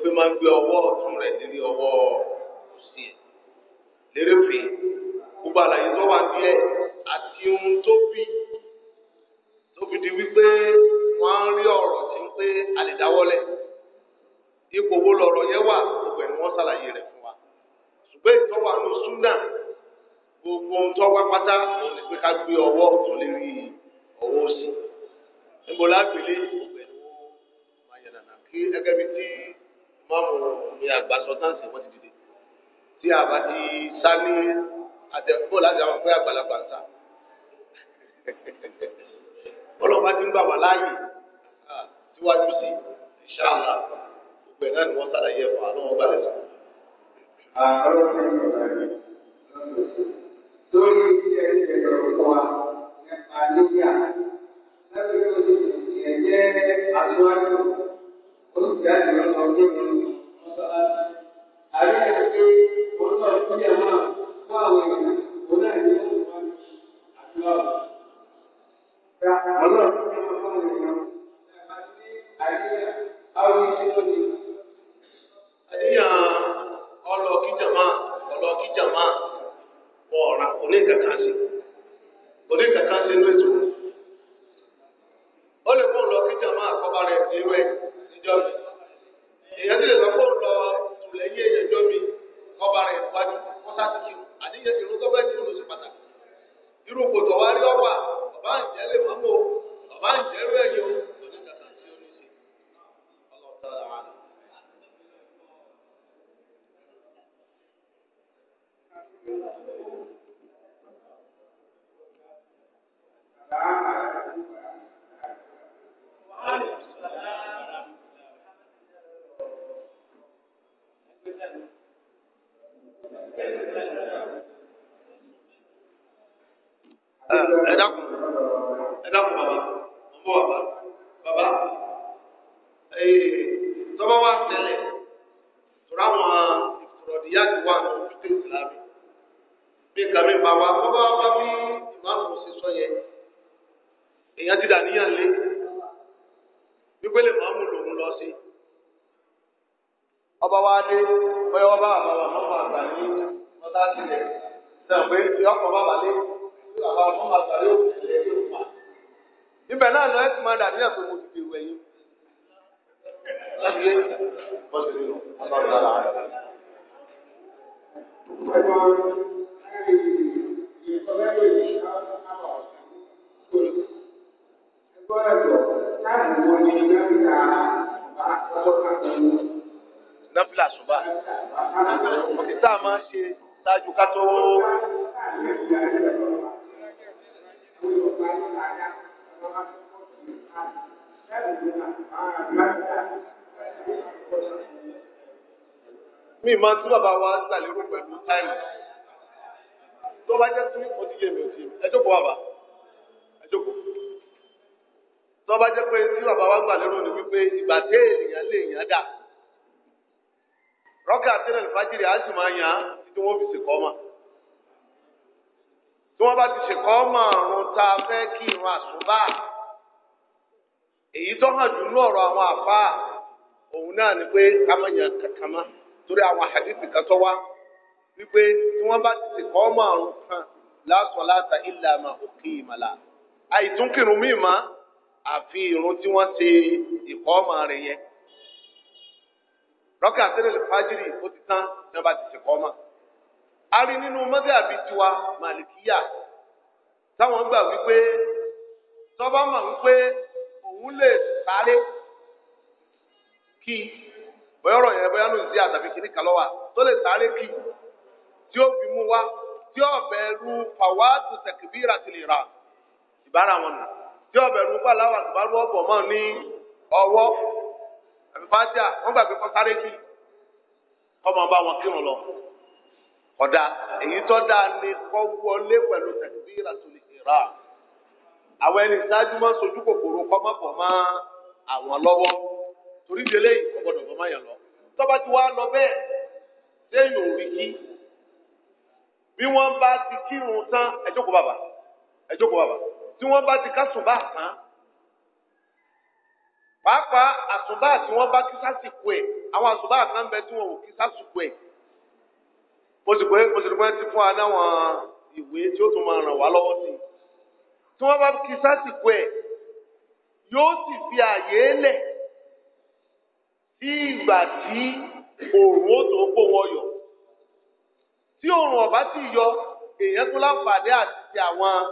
pé máa ń gbé ọwọ́ ọ̀tún rẹ̀ lérí ọwọ́ òsì ẹ̀ lérí fi gbogbo àlàyé tó wà nílẹ̀ àti ohun tó bí tó fi di wípé wọ́n á ń rí ọ̀rọ̀ tí ń pé àlèdáwọ́lẹ̀ ipò wo lọ̀rọ̀ yẹn wà gbogbo ẹ̀ ni wọ́n ṣàlàyé rẹ̀ fún wa ṣùgbọ́n ìtọ́wà ní súnà gbogbo ohun tó wá pátá òun ni pé ká gbé ọwọ́ ọ̀tún lérí ọwọ́ òsì níbo lágbèlé ọ̀gbẹ̀ni wọ́n máa yànnà kí ẹgẹ́ bíi tí mọ́mù ní àgbàsọ̀tánsì wọ́n ti dìde tí a bá ti sá ní àtẹ̀kọ́ láti àwọn pé àgbàlagbà ń sá ọlọ́pàá ti ń gbà wá láàyè síwájú
sí ìṣáàlà ìgbẹ́ náà ni wọ́n ṣàlàyé ẹ̀fọ́ àná wọn gbà lẹ́sọ̀. àárọ̀ ní ìbàdàn lórí ilé ẹ̀jẹ̀ lọ́rọ̀ wa nípa níyà lábẹ́ lórí ìyẹn jẹ́ aṣáájú. ọlọ́ọ̀kí
jàmá ọ̀rà oníkàkà sí oníkàkà sí máa kọ́ba rẹ̀ fi wẹ̀ níjọ́ mi. èèyàn ti lè sọ fóun lọ tùlẹ̀yìn èèyàn jọ mi kọ́ba rẹ̀ wájú wọ́n sáti kí àdéhìyẹ irú tó bẹ́ẹ̀ kí ló ṣe pàtàkì. irú kòtò wá rí ọ̀pá bàbá àǹjẹ́ lè o? bàbá àǹjẹ́ rẹ̀ yẹn
wo ni dókítà bá
tọ́jọ́ kàtó mú. nọ́fìlà ṣùgbọ́n òkè tá a máa ń ṣe ṣáájú ká tó. mi máa tún bàbá wa ń sàlérò pẹ̀lú táìmù tó bá jẹ́ tún òdíje mi ò sí ẹjọ́ kó wà ẹjọ́ kó. bá jẹ́ pé tí bàbá wa gbà lérò ni wípé ìgbà tẹ́ ènìyàn lè yàn dà rọ́kà tẹ́lẹ̀ fàjìrì á sì máa yàn án tí wọ́n fi ṣèkọ́ mà tí wọ́n bá ti ṣèkọ́ mà ọ̀run tá a fẹ́ kí èyí tó hàn jù ní ọ̀rọ̀ àwọn àfa òun náà ni pé ká yàn kankan torí àwọn àdìsí kan tó wá wípé tí wọ́n bá ti ṣèkọ́ mà ọ̀run kan lásán àfi irun tí wọ́n ṣe ìkọ́ ọmọ rẹ̀ yẹn rọ́kà sílẹ̀ fájìrì ó ti tán ní wọ́n bá ti ṣèkọ́ ọmọ a rí nínú mọ́gàbí tiwa màlìkíyà táwọn gbà wípé tọ́ba mọ̀ wípé òun lè sáré kí bóyá ọ̀rọ̀ yẹn bóyá lóun sí àtàbí kìíní kan lọ́wọ́ tó lè sáré kí tí ó fi mú wá tí ọ̀bẹ̀ ru fàwátù tẹ̀kìbíra ti lè ra ìbára wọn nù tí ọbẹ̀rù pàláwà tó bá rú ọ̀bọ̀ mọ́ ní ọwọ́ àbíbájá wọ́n gbàgbé kọ́ sáré kì kọ́mọ bá wọn kírun lọ. ọ̀dà èyí tó dáa ni kọ́ wọlé pẹ̀lú tẹ̀síra tó lè rà. àwọn ẹni ìṣáájú máa ń sojú kòkòrò kọ́mọ pọ̀ mọ́ àwọn lọ́wọ́ torí délé ìkọ̀gbọ́dọ̀ bọ́ máa yàn lọ. tọ́ba ti wá lọ bẹ́ẹ̀ sẹ́yìn òrì kí bí wọ́n bá ti kírun tán ẹ jókòó bàbá ẹ jókòó bàbá tí wọ́n bá ti kásùnbà tán pàápàá àsùnbà tí wọ́n bá kí sásìkò ẹ̀ àwọn àsùnbà kan bẹ tí wọ́n ò kí sásìkò ẹ̀ mo sì pé mo sì pé ti fún wa náwọn ìwé tí ó tún máa ràn wá lọ́wọ́ sí i tí wọ́n bá kí sásìkò ẹ̀ yóò sì fi àyè lẹ̀ sí ìgbà tí òòrùn ó tó gbó wọn yọ tí òòrùn ọ̀bá ti yọ èèyàn tún láǹfààní àti ti àwọn.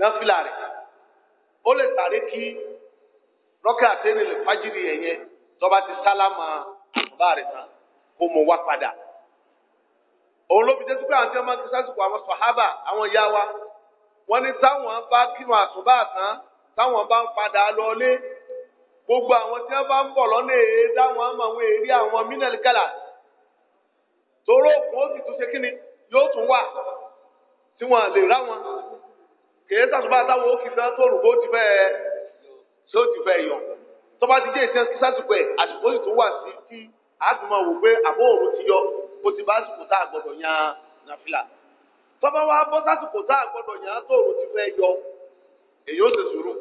Nafila rẹ̀ ó lè sáré kí rọ́kẹ́ àtẹ́rẹ́ lè fájìrì ẹ̀yẹ tọ́ba ti sálámà bá rẹ̀ tán kó mo wá padà òun ló fi dé sípé àwọn tí wọ́n máa ń kí sásìkò àwọn sàhábà àwọn ìyá wa wọ́n ní táwọn bá kírun àsùnbà tán táwọn bá ń padà lọlé gbogbo àwọn tí wọ́n bá ń bọ̀ lọ́nà èé dáwọn àmọ́ àwọn èrí àwọn mínẹ́lìkàlà toró òkun ó sì tún ṣe kíni yóò tún wà tí wọ́n lè ráwọn kèé sàṣùbà táwọn ó kì sẹ́ tó rò bó ti fẹ́ ṣé ó ti fẹ́ yọ tó bá ti jẹ́ ìṣe sásìkò ẹ̀ àsìkò yìí tó wà sí tí a ti mọ̀ wò pé àbó òru ti yọ kó ti bá àsìkò tá a gbọ́dọ̀ yan nàfìlà tó bá wá bọ́ sásìkò tá a gbọ́dọ̀ yan tó òru ti fẹ́ yọ èyí ó ti sùúrù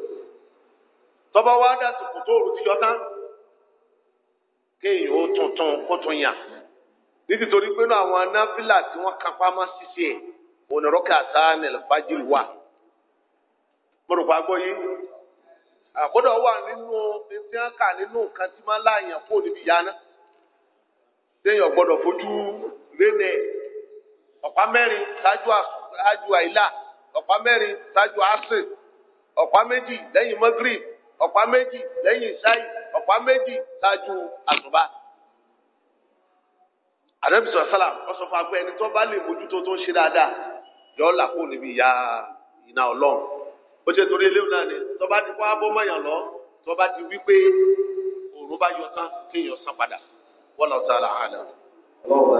tó bá wá dásìkò tó òru ti yọ tán kéèyàn ó tuntun kó tún yàn nítorí pé náà àwọn nàfìlà tí wọ́n kápá má ṣiṣẹ́ ònàrọ́kà sáà mọ̀rùpá gbọ́yé àkọ́dọ̀ wà nínú etí wọn kà nínú nǹkan tí máa ń láàyàn kó níbi ìyáná téèyàn gbọ́dọ̀ fojú rénè ọ̀pá mẹ́rin ṣáájú àìlà ọ̀pá mẹ́rin ṣáájú àṣẹ ọ̀pá méjì lẹ́yìn mọ́gírì ọ̀pá méjì lẹ́yìn ṣáì ọ̀pá méjì ṣáájú àsùbá. àdébí sọ̀rọ̀ sálà wọ́n sọ tó bá lè mójútó tó ń ṣe dáadáa yọ làkó níbi ìyá iná ọlọ́run ó ṣe torí eléwọ̀n náà ni tọ́ba ti fọ́ abọ́ mọ̀yàn lọ tọ́ba ti wí pé òòrùn bá yọ tán kí èèyàn san padà wọ́n lọ sára àná. ọlọ́wà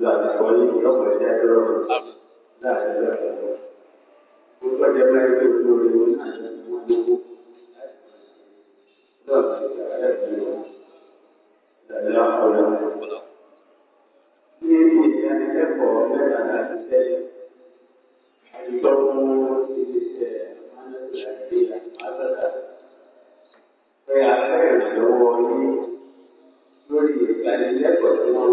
لا تقولي يوم الجاهل لا لا لا gbogbo ọjọ́ tí wọ́n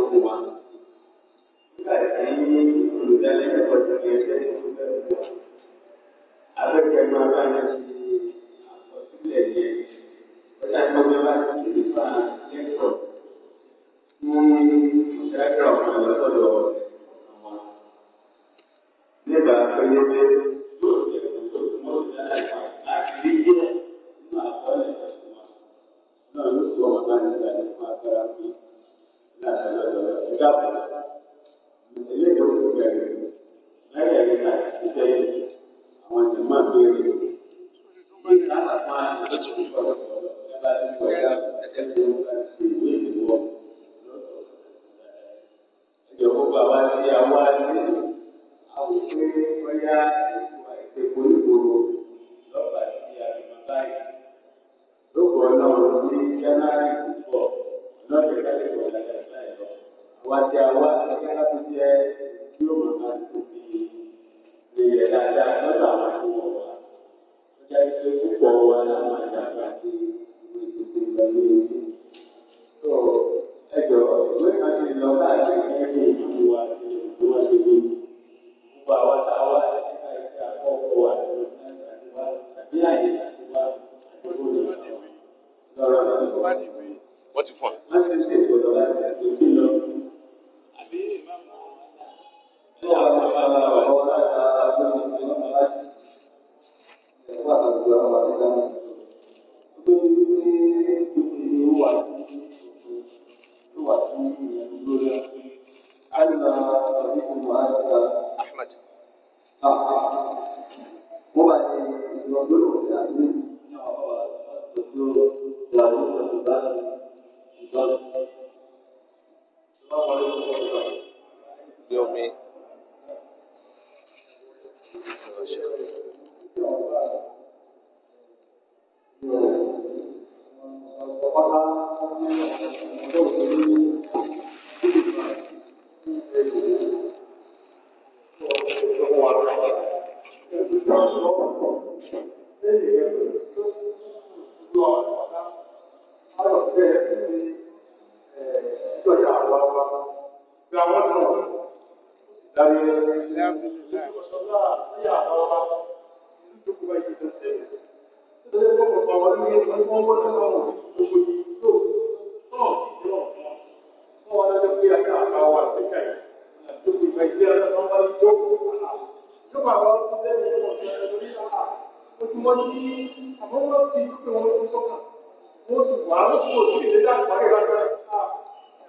làwọn tó wò sí ìdílé àti pàkẹ́ lágbára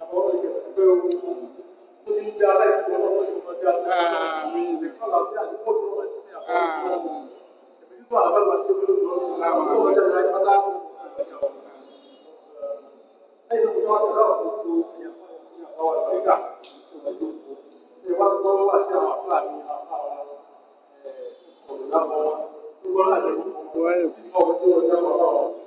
àwọn ọmọ ìjọba pé o tó ti ń di aláìsí ọlọ́wọ́ ìjọba di aláìsí ìdíkọ́ làwọn tí a ti kó lọ́wọ́ ìjọba ti àwọn ọmọ ìbí tó àwọn àgbà tó lọ́wọ́ ìjọba àwọn ọmọ ìjọba ti pátá ẹ̀yìn tó wá sọ́dọ̀ tó tó ìyàwó àgbẹ̀ká ṣe wá gbọ́ àti àwọn fúlàní àwọn
ọ̀rọ̀ lábọ̀ wọn
tó wọ́n láti ọ̀rọ̀ tó wọ́n jábọ̀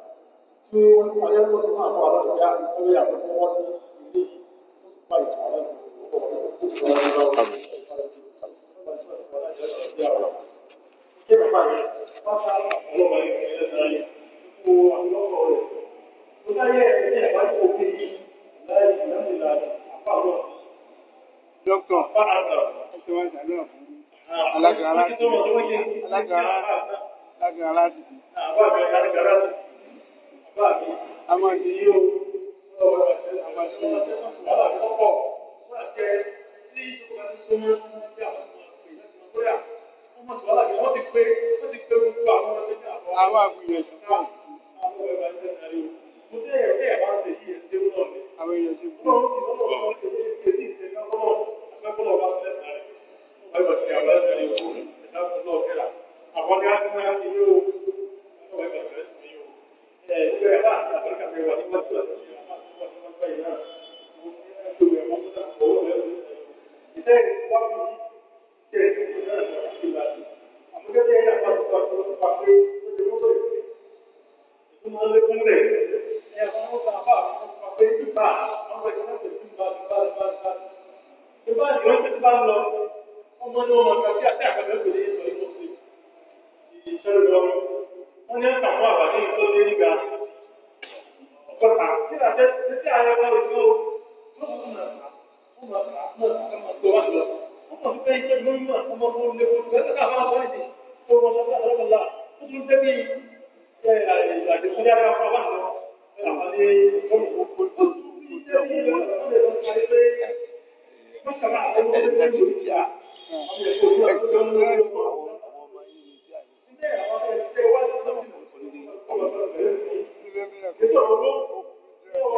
pé wọ́n ti parí ẹ̀kọ́ nínú àwọn alájà lórí àwọn tí wọ́n ti ilé yìí wọ́n ti parí ìpàdé ọ̀pọ̀ ọ̀pọ̀ Dókítà, alágbára láti. Alágbára láti báàbí a máa ti yí o lọ́wọ́ ẹ̀sẹ̀ àwọn ẹ̀sẹ̀ wọn lábà kọ́kọ́ fún àtẹ tí ìjọba ti tó mọ́ sí àwọn ọmọ ìpè láti mọ bóyá wọ́n
mọ̀ sí wàhálà bí wọ́n ti pé wọ́n ti pé gbogbo àwọn ọmọ
ẹgbẹ́ àbọ̀ àwọn àgbìyànjú náà àwọn ẹ̀rọ ẹ̀sẹ̀ náà yìí mo tẹ́ ẹ̀ tẹ́ ẹ̀ bá ṣe yí ẹ̀sẹ̀ wọn ni àwọn èèyàn ti kú. wọ́n ti wọ́n lọ́wọ́ wọn ti ṣe é ní ìṣẹ́ káfọ́nà akẹ́kọ̀ọ́ wọ́n ti wọ́n ní àtàwọn àbájá yìí tó lé nígbà ara wa Huh?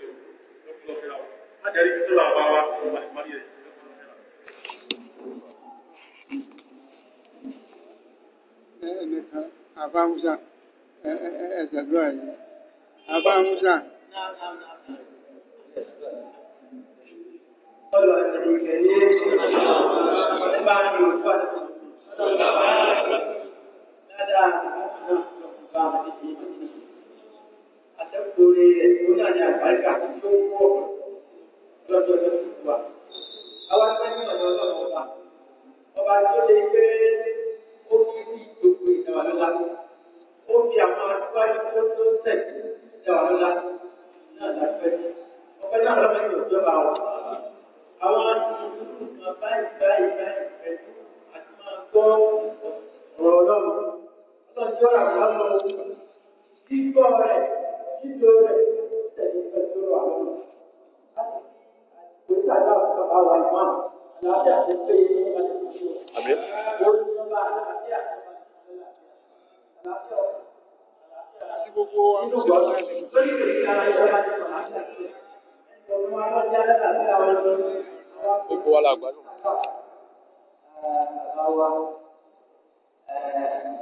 Adẹ̀rí kí tó là bá wa wà ìmọ̀lẹ́ rẹ̀. Ẹ̀ẹ̀mẹ̀ta, àbá Musa, ẹ̀ẹ̀ẹ̀ẹ̀ẹ̀ẹ̀dúrà yìí. Musa. Ọlọ́ ìrìn ìrìn ìrìn àtẹ́kù orí rẹ̀ òun náà àgbáríkà tó pọ̀ lọ́jọ́ tó wà. Àwa fẹ́ ní ọlọ́run ọba. Ọba tó lè gbé ó fi ní gbogbo ìdáwà lọ́la. Ó fi àwọn aṣáájú tó tó tẹ̀ ìdáwà lọ́la náà láfẹ́. Ọpẹ́ náà lọ́mọ ní òjọba wa. Àwọn ìdúró kan báyìí báyìí báyìí pẹ̀lú àti máa gbọ́ ọ̀rọ̀ ọlọ́run. Ọlọ́run tí ó rà jíjọ rẹ̀ tẹ̀lé pẹ̀lú àwọn ọ̀nà láti kò ní sàgbà bàbá wa ìmọ̀ àlàáfíà tó pé ní ọmọdé tó ṣe. Àbí. Wọ́n ti lọ́ba àlàáfíà tó máa ń ṣe àlàáfíà àlàáfíà. Àti gbogbo àwọn ọmọ ìṣẹ̀lẹ̀. Lórí ìrìn